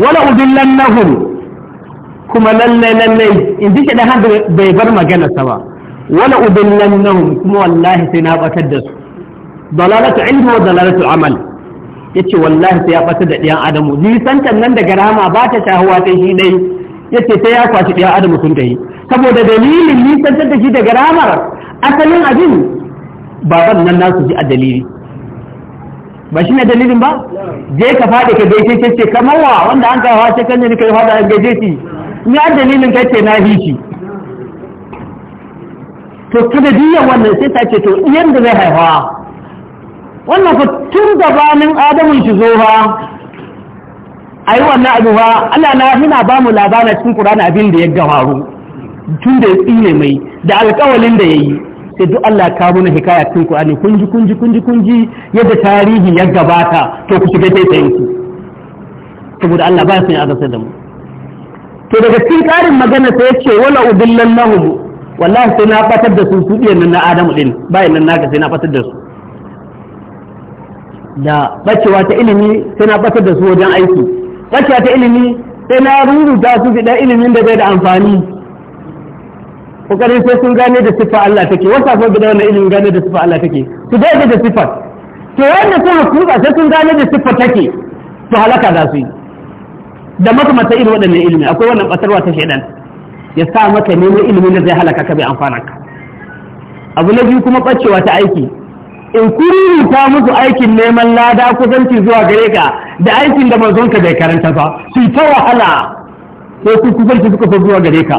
wala udillan nahum kuma lalle lalle in ji shaidan hannu bai bar magana sa ba wala udillan nahum kuma wallahi sai na batar da su dalalatu ilmi wa dalalatu amal yace wallahi sai ya fata da ɗiyan adamu nisantar nan daga rama ba ta shahuwa sai shi dai yace sai ya kwashi ɗaya adamu sun ta yi saboda dalilin nisan da shi daga ramar asalin abin baban nan nasu ji a dalili ba shi ne dalilin ba je ka faɗi ka gaishe ce ce kamar wa wanda an kawo ce kan ne kai faɗa an gaishe shi ni an dalilin kai ce na hici to kada diyan wannan sai ta ce to iyan da zai haifa wannan fa tun gabanin adamun shi zo ba a yi wannan abu ba Allah na yana ba mu labarin cikin Qur'an abin da ya gawaru tun da ya tsine mai da alƙawalin da ya yi sai duk Allah ka muna hikaya cikin Qur'ani kunji kunji kunji kunji yadda tarihi ya gabata to ku shiga taitayin ku saboda Allah ba ya son ya da mu to daga cikin ƙarin magana sai ya ce wala udillan lahum wallahi sai na fatar da su su diyan nan na Adamu din bayan nan naka sai na fatar da su da bacewa ta ilimi sai na fatar da su wajen aiki wacce ta ilimi sai na ruruta su fiɗa ilimin da bai da amfani kokarin sai sun gane da siffa Allah take wata ko gida wannan ilimin gane da siffa Allah take su dai da siffa to wanda sun hakuka sai sun gane da siffa take to halaka za su yi da makamata irin waɗannan ilimi akwai wannan batarwa ta shaidan ya sa maka neman ilimin da zai halaka ka bai amfana ka abu na biyu kuma ɓacewa ta aiki in kururuta musu aikin neman lada kusanci zuwa gare ka da aikin da manzonka bai karanta ba su ta wahala ko su kusanci suka fa zuwa gare ka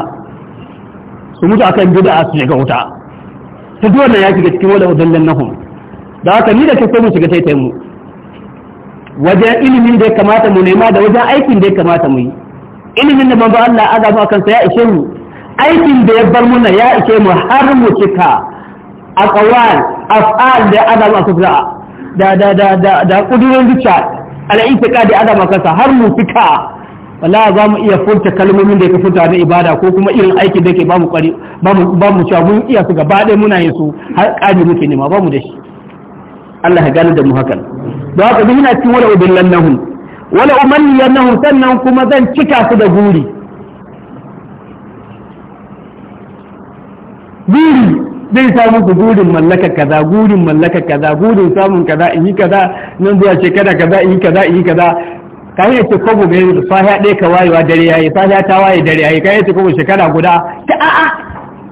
su mutu akan bid'a su shiga wuta ta duk wannan ya shiga cikin wala udallan nahum da haka ni da kake mu shiga taitai mu wajen ilimin da ya kamata mu nema da wajen aikin da ya kamata mu yi ilimin da manzo Allah azabu akan sa ya ishe mu aikin da ya bar muna ya ishe mu har mu cika a aqwal af'al da adam aka sa da da da da da kudirin zuciya da adam aka sa har mu fika wala za mu iya furta kalmomin da ya furta na ibada ko kuma irin aiki da ke ba mu kwari ba mu cewa mun iya su gaba ɗaya muna yin su har ƙari muke nema ba mu da shi Allah ya gane da mu hakan don haka duk ina cikin wala ubillan nahum wala umanniyan nahum sannan kuma zan cika su da guri guri zai sa ku gurin mallaka kaza gurin mallaka kaza gurin samun kaza in yi kaza nan zuwa shekara kaza in yi kaza in yi kaza kan yi ce kogo mai da safiya ɗaya ka wayewa dare yayi safiya ta waye dare yayi kan yi ce kogo shekara guda ta a'a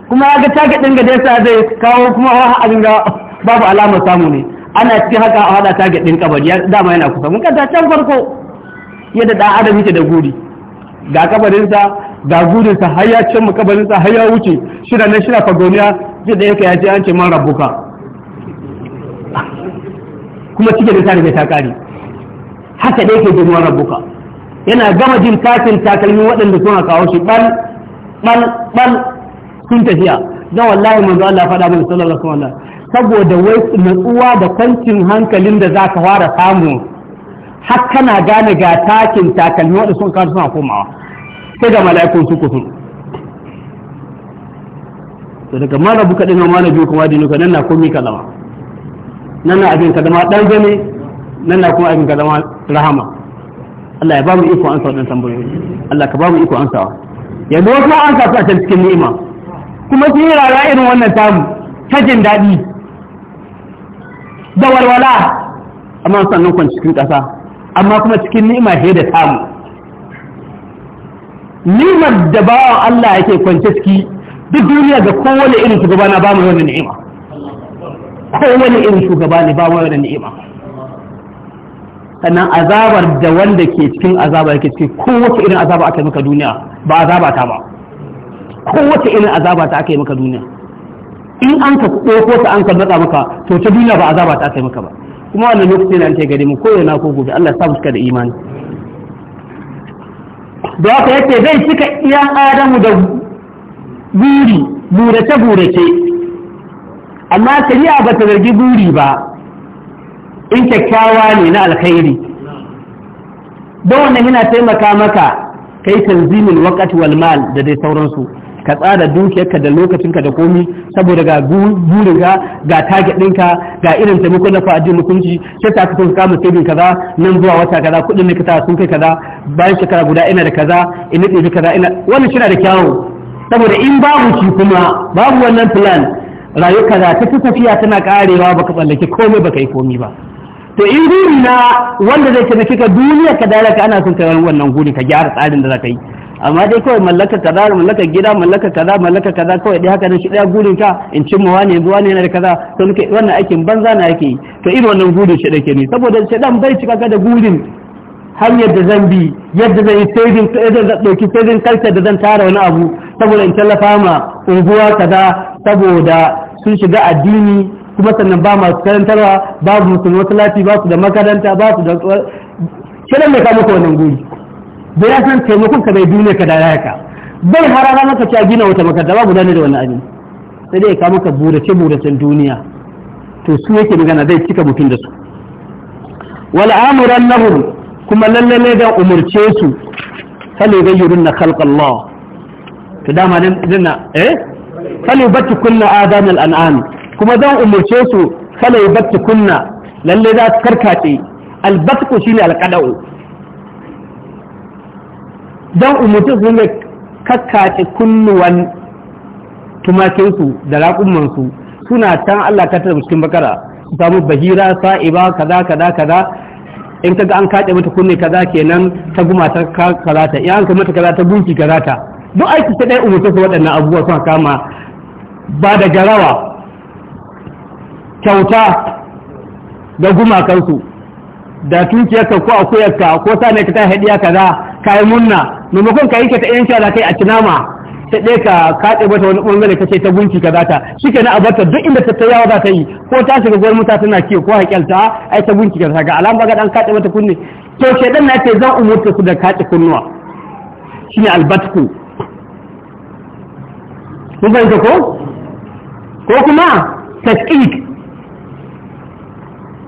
kuma ya ga target ɗin sa zai kawo kuma wa abin ga babu alamar samu ne ana cikin haka a hada target ɗin kabari dama yana kusa mun kanta can farko yadda ɗan adam yake da guri ga kabarinsa ga gudunsa har ya cimma kabarinsa har ya wuce shida na shida fagoniya ji da yake ya ce an ce man rabuka kuma cike da ta riga ta kare haka da yake jin man rabuka yana gama jin kafin takalmin waɗanda suna kawo shi ɓal ɓal ɓal sun tafiya don wallahi manzo Allah faɗa mana sallallahu alaihi wasallam saboda wai natsuwa da kwancin hankalin da za ka fara samu har kana gane ga takin takalmi waɗanda sun kawo suna komawa sai da mala'ikun su kusur to daga mara buka din mara biyu kuma dinu ka nan na ka kalama nan na abin kalama dan zane nan na kuma abin kalama rahama Allah ya ba mu iko ansa wannan tambayoyi Allah ka ba mu iko ansawa ya ga wasu an su a cikin ni'ima kuma sun yi rara irin wannan tamu ta jin daɗi da walwala amma sannan kwanci cikin ƙasa amma kuma cikin ni'ima ke da tamu ni'imar da bawan Allah yake kwance ciki duk duniya ga kowane irin shugaba na ba wani wannan ni'ima kowane irin shugaba ne ba wani wannan ni'ima sannan azabar da wanda ke cikin azaba yake cikin kowace irin azaba aka yi maka duniya ba azaba ta ba kowace irin azaba ta aka yi maka duniya in an ka koko ta an ka nada maka to ta duniya ba azaba ta aka yi maka ba kuma wannan lokaci na ta gare mu ko yana ko gobe Allah ya sa suka da imani da haka yace zai cika iyan adamu da buri burace burace amma shari'a ba ta zargi buri ba in kyakkyawa ne na alkhairi don wannan yana taimaka maka kai tanzimin wakati walmal da dai sauransu ka tsara dukiyarka da lokacinka da komi saboda ga burinka ga target ɗinka ga irin taimako na fa'adin hukunci sai ta fito kama saving kaza nan zuwa wata kaza kuɗin ne ka sun kai kaza bayan shekara guda ina da kaza ina da kaza ina wannan shi da kyawu saboda in babu shi kuma babu wannan plan rayuka za ta tafiya tana karewa baka tsallake komai baka yi komai ba to in guri na wanda zai taimake ka duniya ka dalaka ana son ka wannan guri ka gyara tsarin da za ka yi amma dai kawai mallaka kaza mallaka gida mallaka kaza mallaka kaza kawai dai haka nan shi daya gurin ka in cimma wani yanzu wani yana kaza to nake wannan aikin banza na yake to irin wannan gurin shi dake ne saboda shedan bai cika ka da gurin hanyar da zan bi yadda zan yi saving yadda zan dauki saving culture da zan tara wani abu saboda in tallafa ma unguwa kaza saboda sun shiga addini kuma sannan ba masu karantarwa sun wata masallaci ba su da makaranta ba su da kiran mai ka ka wannan guri da ya san taimakon ka bai duniya ka da ya ka bai harara maka ta a gina wata makaranta ba gudanar da wani abin sai dai ka muka burace buracen duniya to su yake magana zai cika mutum da su wal'amuran nahum kuma lalle ne da umurce su fali gayyurun na khalqallah to dama nan dinna eh fali batti kunna adam al'an'am kuma zan umurce su fali batti kunna lalle za su karkace albatku shine alqada'u dan umurce su ne kakkace kunnuwan tumakinsu da raƙumansu suna can Allah ka tabbata cikin bakara su samu bahira sa'iba kaza kaza kaza in kaga an kaɗe mata kunne kaza kenan ta guma ta kaza ta in an kai mata kaza ta gunki kaza ta duk aiki ta ɗaya umurta su waɗannan abubuwa suna kama ba da garawa kyauta da gumakansu da tunkiyarka ko akuyarka ko sa ne ka ta hadiya kaza ka yi munna maimakon ka yi ka ta yanke za kai a kinama ta ɗaya ka kaɗe mata wani ɓangare ka ce ta gunki ka zata shi ke na abarta duk inda ta tayawa za ta yi ko ta shiga gwar mutane tana kiyo ko a ai ta gunki ka zata ga alama ga ɗan kaɗe mata kunne to ɗan na ce zan umurta ku da kaɗe kunnuwa shi ne albatku mun fahimta ko ko kuma tasƙiƙ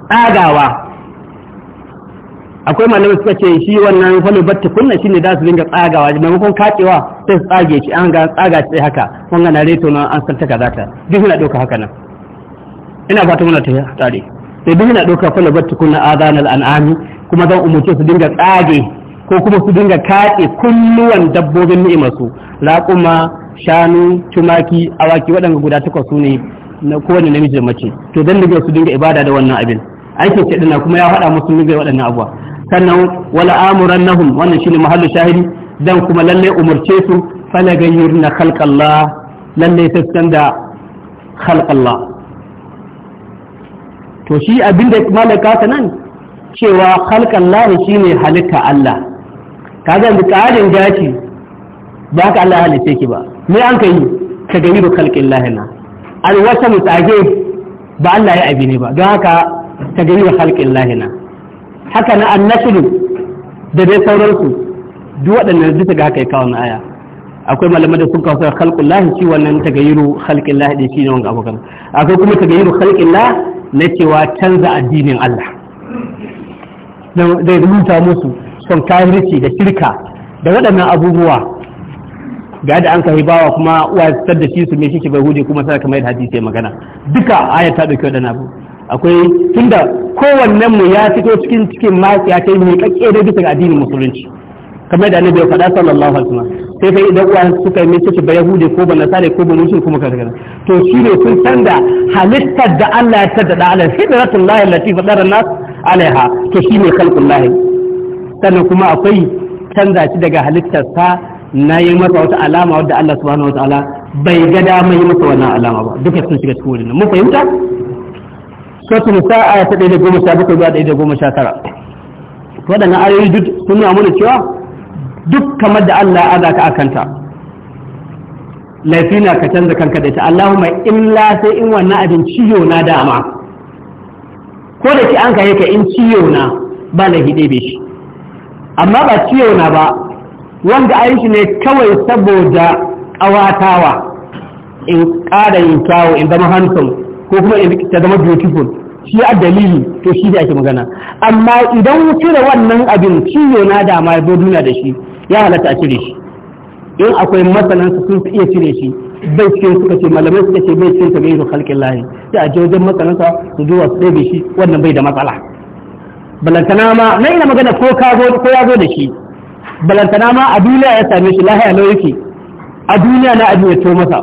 ɗagawa akwai malamai suka ce shi wannan falo batta kunna shine da su dinga tsagawa maimakon kakewa sai su tsage shi an ga tsaga shi haka kun ga nareto na an san taka zata duk yana doka haka nan ina fata muna tare sai duk yana doka falo batta kunna adanal an'ami kuma zan umurce su dinga tsage ko kuma su dinga kaɗe kulluwan dabbobin ni'imar su laquma shanu tumaki awaki waɗanda guda takwas su ne na kowane namiji da mace to dan dinga su dinga ibada da wannan abin aikin ce dana kuma ya faɗa musu zai waɗannan abuwa sannan wala nahum wannan shine mahallu shahidi dan kuma lalle umarce su na khalqallah lalle sai da khalqallah to shi abinda malaka ta nan cewa khalqallah shine halitta Allah kaga da karin gaci ba ka Allah halitta ki ba me an kai ka gani da khalqillah na al wasa mutage ba Allah ya abi ba don haka ka gani da khalqillah na haka na annasiru da dai sauransu duk waɗannan duk ga haka ya kawo na aya akwai malamai da sun kawo sai khalqul lahi shi wannan tagayyuru khalqil lahi shi ne wannan abokan akwai kuma tagayyuru khalqil lahi na cewa canza addinin Allah da rubuta musu son kafirci da shirka da waɗannan abubuwa ga da an kai bawa kuma wa sadda da shi su me shi bai huje kuma sai kamar hadisi magana duka aya ta dauki waɗannan abubuwa akwai tunda kowanne mu ya fito cikin cikin masu ya kai mai kakke da bisa addinin musulunci kamar da annabi ya faɗa sallallahu alaihi wasallam sai kai idan uwa suka yi mishi ba yahudi ko ba nasara ko ba musulmi kuma kaza to shi ne sun san da halittar da Allah ya tada da Allah hidratullahi allati fadara nas alaiha to shi ne khalqullahi sannan kuma akwai canza shi daga halittar sa na yi masa wata alama wadda Allah subhanahu ta'ala bai ga dama yi masa wannan alama ba duka sun shiga cikin wannan mun fahimta sautin sa'a ta ɗaya da goma sha bakwai zuwa ɗaya da goma sha tara waɗannan ayoyi duk sun nuna mana cewa duk kamar da Allah ya azaka kanta laifi na ka canza kanka da ita in illa sai in wannan abin ciyo na dama ko da ki an kai ka in ciyo na ba na dai bai shi amma ba ciyo na ba wanda ayin shi ne kawai saboda ƙawatawa in ƙara yin kyawu in zama handsome ko kuma ta zama beautiful shi a dalili to shi da ake magana amma idan cire wannan abin ciwo na dama ya zo duniya da shi ya halatta a cire shi in akwai masanan sun iya cire shi bai cikin suka ce malamai suka ce bai cikin tabi yin halkin lahi sai a je wajen masanansa su zuwa su ɗebe shi wannan bai da matsala balantana ma na ina magana ko ka zo ko ya zo da shi balantana ma a duniya ya same shi lahiya lau yake a duniya na abin ya to masa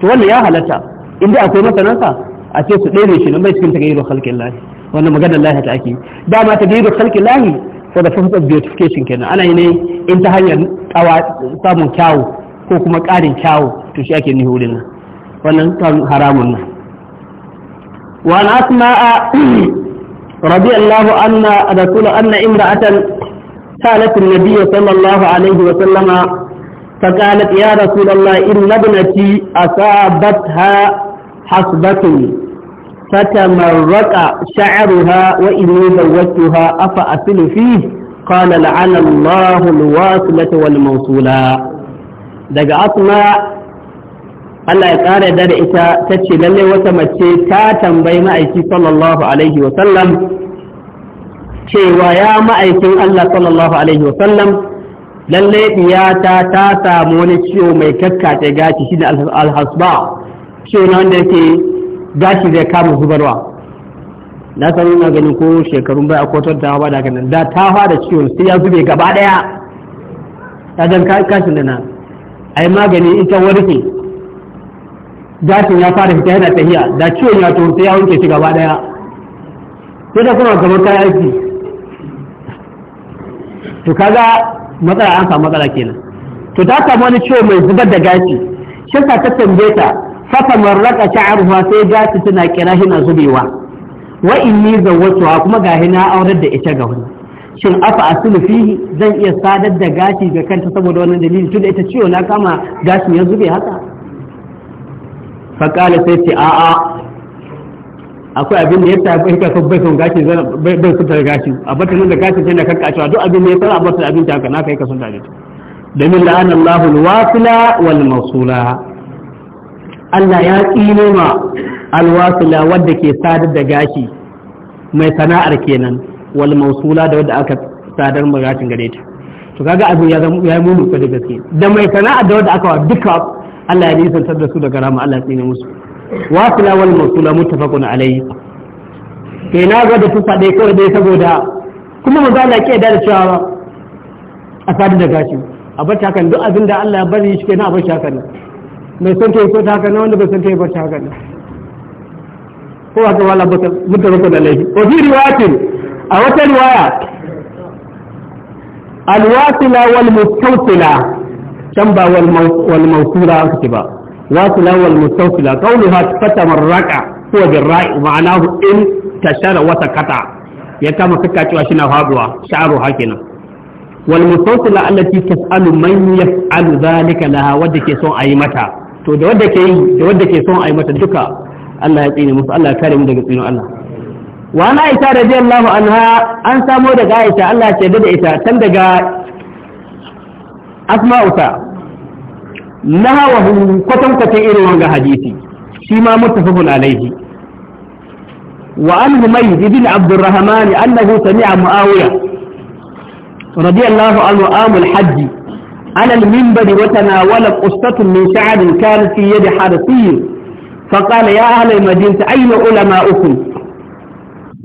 to wannan ya halatta inda akwai masanansa a ce su ɗebe shi nan bai cikin tagayyar halkin lahi wannan maganar lahi ta ake dama tagayyar halkin lahi for the purpose of beautification kenan ana yi ne in ta hanyar samun kyawu ko kuma ƙarin kyawu to shi ake nihi wurin nan wannan kan haramun nan wa an asma'a radiyallahu anna rasul anna imra'atan سألت النبي صلى الله عليه وسلم فقالت يا رسول الله إن ابنتي أصابتها حصبة فتمرق شعرها وإني زوجتها أفأصل فيه قال لعن الله الواصلة والموصولة دقى أصلا Allah ya ƙara da da ita ta ce lalle wata mace ta tambayi ma'aiki sallallahu alaihi wa sallam cewa ya ma'aikin Allah sallallahu alaihi wa sallam lalle diyata ta samu wani ciwo mai kakkace gashi shi da alhasba ciwo na wanda yake gashi zai kama zubarwa na san ina ganin ko shekarun baya ko tantawa ba daga nan da ta fara ciwon sai ya zube gaba daya ta dan kashin da na ai magani ita warke gashin ya fara fita yana tahiya da ciwon ya to sai ya wanke shi gaba daya sai da kuma kamar kai aiki to kaga matsala an samu matsala kenan to ta samu wani ciwo mai zubar da gashi shi ka ta ta fata marraka sha'arha sai gashi tana kira na zubewa wa inni zawwatuha kuma gahi na aurar da ita ga wani shin afa asulu fihi zan iya sadar da gashi ga kanta saboda wannan dalili tunda ita ciwo na kama gashin ya zube haka fa sai ce a a akwai abin da ya tafi ka kan bai son gashi zan bai fitar gashi a batun da gashi sai na cewa duk abin da ya tsara a batun abin ta haka na kai ka sun dade domin la'anallahu alwasila wal mawsula Allah ya tsine ma alwasila wadda ke sadar da gashi mai sana'ar kenan wal mausula da wadda aka sadar ma gashin gare ta to kaga abin ya zama ya mulu da gaske da mai sana'ar da wadda aka wa duka Allah ya nisa da su daga rama Allah ya tsine musu wasila wal mausula muttafaqun alayhi kai na ga da tufa dai kawai dai saboda kuma maza Allah ke da cewa a sadar da gashi a bar hakan duk abin da Allah ya bari shi kenan a bar hakan mai son kai ko ta haka na wanda bai son kai ba ta haka ne ko haka wala mutu ba da laifi ko fi ce. a wata riwaya alwasila wal mustawsila can ba wal mawsula aka ce ba wasila wal mustawsila qawluha fatamarraqa rai, birra'i ma'anahu in tashara wata kata ya kama kaka cewa shi na faduwa sha'aru hakinan والمستوصلة التي تسأل من يفعل ذلك لها ودك يسوع أي متى to da wadda ke yi da wadda ke son a yi mata duka Allah ya tsine musu Allah ya kare mu daga tsinin Allah wa na Aisha radiyallahu anha an samo daga Aisha Allah ya yarda da ita tan daga Asma'u ta nahawahu kwatan kwatan irin wanga hadisi shi ma muttafaqun alaihi wa an Humayz ibn Abdurrahman annahu sami'a Muawiya radiyallahu anhu amul hajji على المنبر وتناول قصة من شعر كان في يد حرسي فقال يا أهل المدينة أين علماؤكم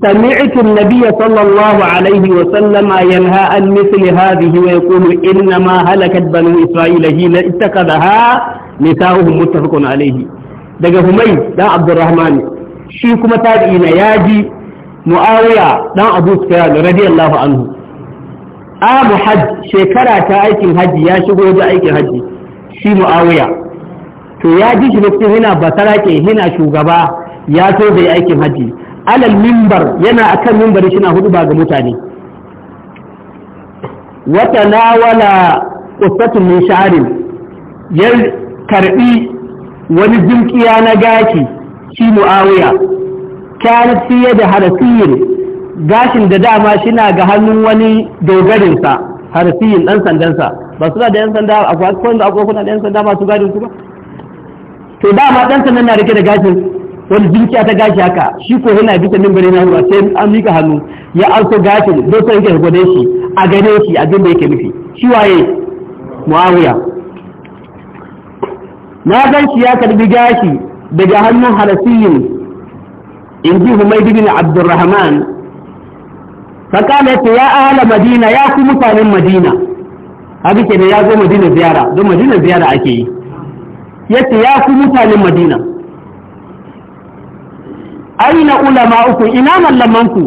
سمعت النبي صلى الله عليه وسلم ينهى عن مثل هذه ويقول إنما هلكت بنو إسرائيل حين اتخذها نساؤهم متفق عليه دا عبد الرحمن Abdurrahman shi kuma tabi'ina معاوية دا أبو سفيان رضي الله عنه Abu hajj shekara ta aikin hajji ya shigo da aikin hajji shi mu'awiya to ya ji shi lokacin yana basara ke yana shugaba ya so bai aikin hajji alal mimbar yana akan mimbar shi na hudu ba ga mutane wata nawala Ustatu min sha'arin ya karbi wani jinkiya na gaki shi mu'awiya kanat fiye da harasiyin gashin da dama shina ga hannun wani dogarinsa harfiyin ɗan sandansa ba suna da yan sanda a kwakwai da akwai kuna da yan sanda masu gadin su ba to dama ɗan sandan na rike da gashin wani jinkiya ta gashi haka shi ko yana bisa mimbari na ruwa sai an mika hannu ya alko gashin don sai yake gode shi a gane shi abin da yake nufi shi waye muawiya na gan shi ya karbi gashi daga hannun harasiyin in ji humaid bin abdurrahman fakala yace ya ala madina ya ku mutanen madina haka ke ya zo madina ziyara don madina ziyara ake yi yace ya ku mutanen madina aina ulama uku ina mallaman ku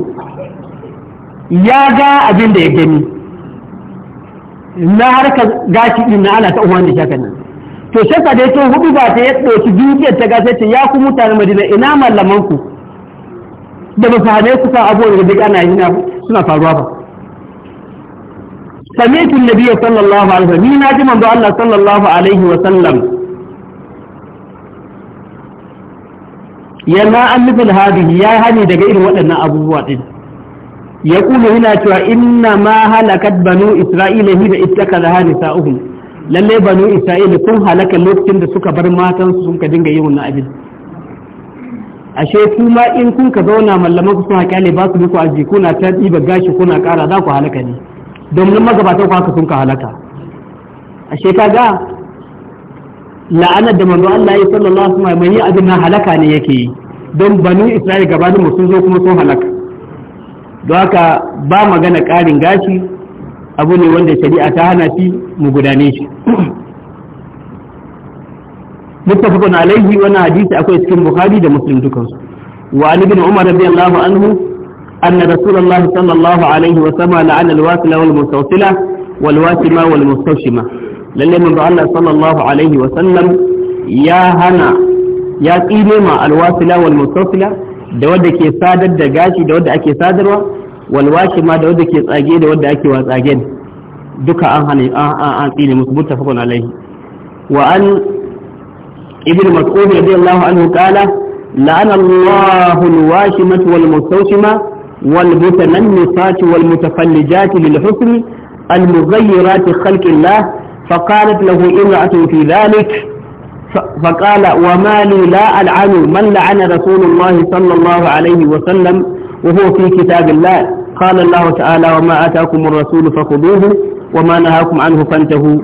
ya ga abin da ya gani na harkar gashi din na ana ta uwan da shakan nan to shaka dai to hudu ba ta ya ɗauki dukiyar ta gasa ce ya ku mutanen madina ina mallaman ku da ba su hane ku abu abubuwan da duk ana yi na suna faruwa ba sami nabi sallallahu alaihi wasallam ni na ji manzo Allah sallallahu alaihi wasallam yana annabul hadihi ya hani daga irin waɗannan abubuwa din ya kula yana cewa inna ma halakat banu isra'ila hida ittakala hadisa uhum lalle banu isra'ila sun halaka lokacin da suka bar matansu su sun ka dinga yin na abin ashe ku ma in kun ka zauna mallaman ku suna kyale ba su muku aji kuna ta ɗiba gashi kuna ƙara za ku halaka ne domin magabatan ku haka sun ka halaka ashe ka ga la'anar da manzo Allah ya sallallahu alaihi wasallam mai abin na halaka ne yake yi don banu Isra'il gabanin mu sun zo kuma sun halaka don haka ba magana ƙarin gashi abu ne wanda shari'a ta hana shi mu gudane shi muttafaqun alaihi wannan hadisi akwai cikin buhari da muslim dukansu wa ali bin umar radiyallahu anhu anna rasulullahi sallallahu alaihi wa sallama la'ana alwasila wal mustawsila wal wasima wal mustawshima lalle mun ba Allah sallallahu alaihi wa sallam ya hana tsine ma alwasila wal mustawsila da wadda ke sadar da gashi da wadda ake sadarwa wal wasima da wadda ke tsage da wadda ake wa duka an tsine wa an ابن مسعود رضي الله عنه قال لعن الله الواشمة والمستوشمة والمتنمصات والمتفلجات للحسن المغيرات خلق الله فقالت له امرأة في ذلك فقال وما لي لا ألعن من لعن رسول الله صلى الله عليه وسلم وهو في كتاب الله قال الله تعالى وما آتاكم الرسول فخذوه وما نهاكم عنه فانتهوا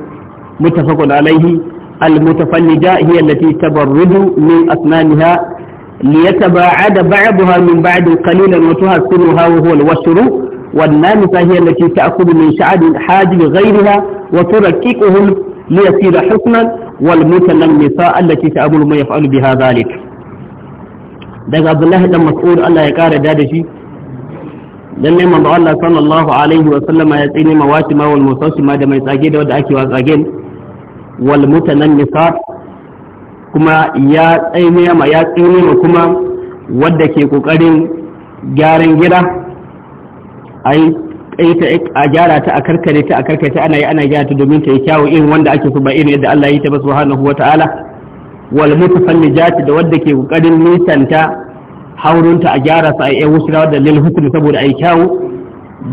متفق عليه المتفلجة هي التي تبرد من أسنانها ليتباعد بعضها من بعد قليلا وتهسنها وهو الوشر والنامسة هي التي تأخذ من شعر حاجب غيرها وترككهم ليصير حسنا والمتنمسة التي تأمل ما يفعل بها ذلك دقاء الله dan Mas'ud الله يكار kara da من الله صلى الله عليه وسلم alaihi wa sallama ya tsine ma wati wal nisa kuma ya tsaye ma ya ma kuma wadda ke kokarin gyaran gida ai a gyara ta a karkare ta a karkare ta ana yi ana gyara ta domin ta yi kyawu irin wanda ake so ba irin yadda Allah ya yi ta ba subhanahu wata'ala wal mutafannijat da wadda ke kokarin nisanta haurunta a gyara sa a yi wusura da lil hukmi saboda ai kyawu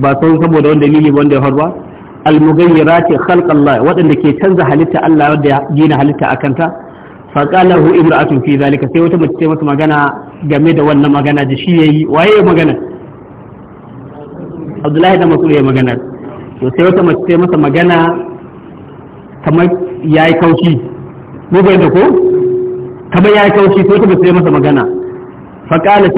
ba sun saboda wani dalili wanda ya faru ba al-mughayyirati khalq Allah waɗanda ke canza halitta Allah wanda ya gina halitta akan ta fa qala hu imra'atun fi zalika wata mace ce masa magana game da wannan magana da shi yayi waye magana Abdullahi da Mas'ud ya magana sai wata mace ce masa magana kamar yayi kaushi mu kaushi sai wata mace masa magana sai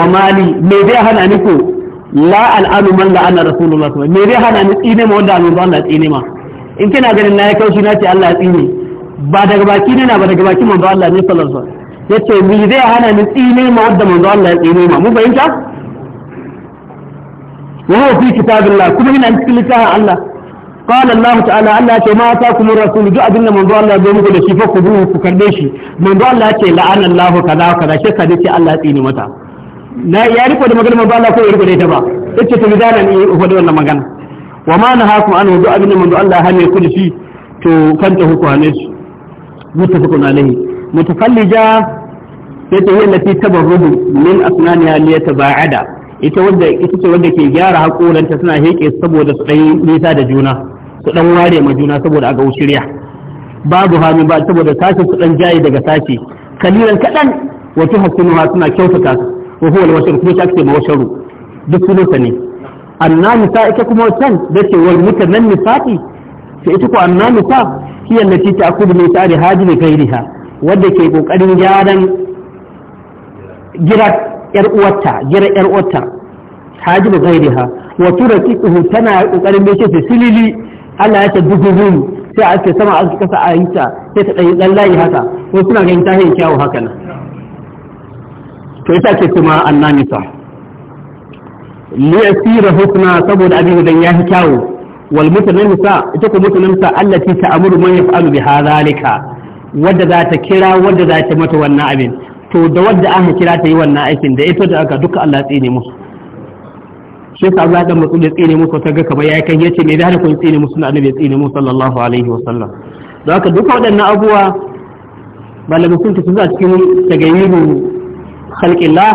wa mali me zai hana ni ko la al'anu man la'ana rasulullah sallallahu alaihi me zai hana ni tsine ma wanda annabi Allah ya tsine ma in kina ganin na ya kaushi na ce Allah ya tsine ba daga ne na ba daga baki yace me zai hana ni tsine ma wanda manzo Allah ya tsine ma mu fahimta wa huwa fi kitabillah kuma yana cikin littafin Allah قال ta'ala Allah ya ce ma ta kuma rasul duk abin da manzo Allah ya muku da shi fa ku ku karbe shi manzo Allah ce la'ana Allah kaza kaza shi ka dace Allah ya tsine mata na ya riko da maganar manzo Allah ko ya riko da ita ba yace to mizalan ni ko da wannan magana wa ma nahakum an wudu abin manzo Allah hane ku da shi to fanta huku hane su mutafaqun alaihi mutafallija yace hiya allati tabarrudu min asnaniha liyataba'ada ita wanda ita ce wanda ke gyara hakoranta suna heke saboda su dan nisa da juna su dan ware ma juna saboda a ga ushiriya babu hami ba saboda sashi su dan jaye daga sashi kalilan kadan wato hasunuha suna kyautata su wa huwa al-washr kuma shi ake ma washaru duk sunansa ne annamisa ita kuma wancan da ce wal mutanannisati sai ita ko annamisa hiya allati ta'khudhu min sa'ri hajri ghayriha wadda ke kokarin gyaran gira yar uwarta gira yar uwarta hajri ghayriha wa turatiquhu tana kokarin silili sai ake sama aka kasa ayita sai ta dai lallahi haka ko suna ganin ta kyawu haka nan to yasa ce kuma annamisa liyasira husna saboda abin dan ya fi kyawu wal mutanamisa ita ko mutanamisa ta ta'muru man yaf'alu bi hadhalika wadda za ta kira wadda za ta mata wannan abin to da wadda aka kira ta yi wannan aikin da ita da aka duka Allah tsine musu shi yasa Allah dan mutsu da tsine musu ta ga kamar ya kan yace me da ku tsine musu na annabi tsine musu sallallahu alaihi wa sallam, don haka duka waɗannan abubuwa malamai sun tafi a cikin tagayyuru khalqillah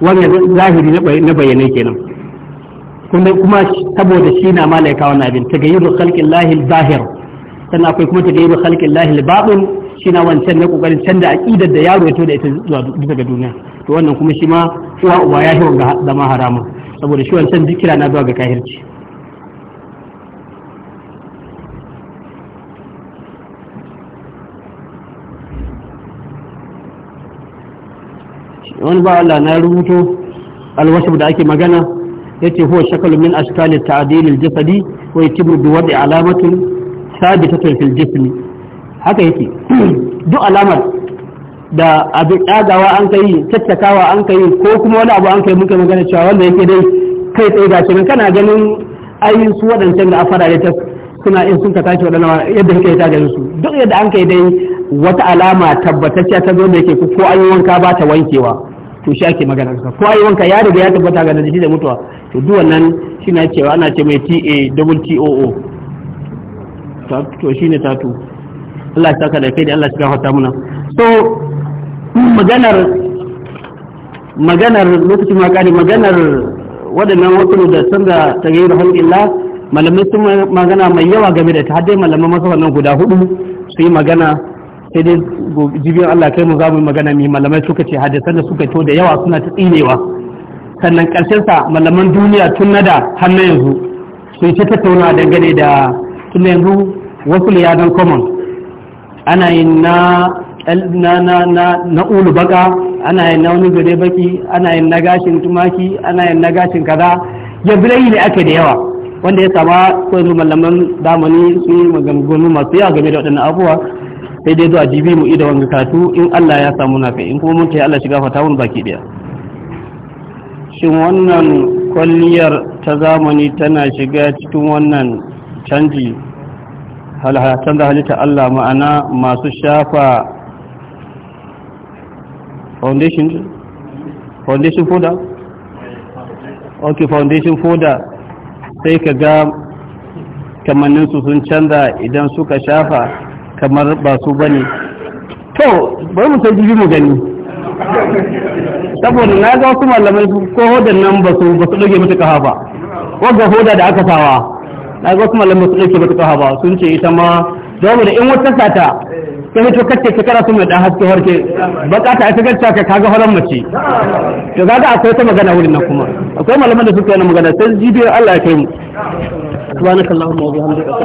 wannan zahiri na bayyane kenan kuma kuma saboda shi na malaika wannan abin tagayyuru khalqillahi al-zahir sannan akwai kuma ta tagayyuru khalqillahi al-batin shi na wancan na kokarin canza aqidar da yaro ya to da ita zuwa daga duniya to wannan kuma shi ma uwa uwa ya shi wanga zama harama, saboda shi wancan zikira na zuwa ga kahirci wani ba Allah na rubuto alwasu da ake magana ce huwa shakalu min ashkali ta'dil al-jasadi wa yatimu bi wadi alamatin sabitatin fil jismi haka yake *clears throat* duk alamar da abin ɗagawa an kai tattakawa an kai ko kuma wani abu an kai muka magana cewa wanda yake dai kai tsaye ga shi kana ganin ayin su waɗancan da afara ta suna in sun ka tashi waɗannan yadda yi ta ganin su duk yadda an kai dai wata alama tabbatacciya ta zo da yake ko an yi wanka ba ta wankewa to shi ake magana ka ko ayi wanka ya riga ya tabbata ga da shi da mutuwa to duk wannan shi na cewa ana ce mai TA double TOO to shine tatu Allah ya saka da kai da Allah ya saka muna so maganar maganar lokacin ma kare maganar waɗannan wakilu da sun da tagayyar halƙillah malamai sun magana mai yawa game da ta haddai malaman masa wannan guda hudu su yi magana sai dai jibiyar Allah kai mu za mu yi magana mai malamai suka ce hadisan da suka to da yawa suna ta tsinewa sannan ƙarshen sa malaman duniya tun na da har na yanzu sun ce tattauna dangane da tun yanzu wasu liyadan common ana yin na na na na na ulu baka ana yin na wani gare baki ana yin na gashin tumaki ana yin na gashin kaza yanzu dai ne ake da yawa wanda ya sama ko yanzu malaman zamani su yi maganganu masu yawa game da waɗannan abubuwa sai dai zuwa jibi mu ida wanga katu in Allah ya samu na kai in kuma mun kai Allah shiga fata mun baki daya shin wannan kwalliyar ta zamani tana shiga cikin wannan canji canza halitta Allah ma'ana masu shafa foundation foundation folder Okay, foundation folder sai ka ga su sun canza idan suka shafa kamar ba su ba ne to bai mu san jibi mu gani saboda na ga wasu malamai ko hodar nan ba su ba su ɗage mata kafa ba wadda hoda da aka sawa na ga wasu malamai ba su ɗage mata kafa ba sun ce ita ma zamu da in wata sata ta fito kacce ta kara su mai ɗan haske harke baka ta ita gacca ka kaga horon mace to kaga akwai ta magana wurin nan kuma akwai malaman da suka yi magana sai jibi Allah ya kai mu subhanakallahumma wa bihamdika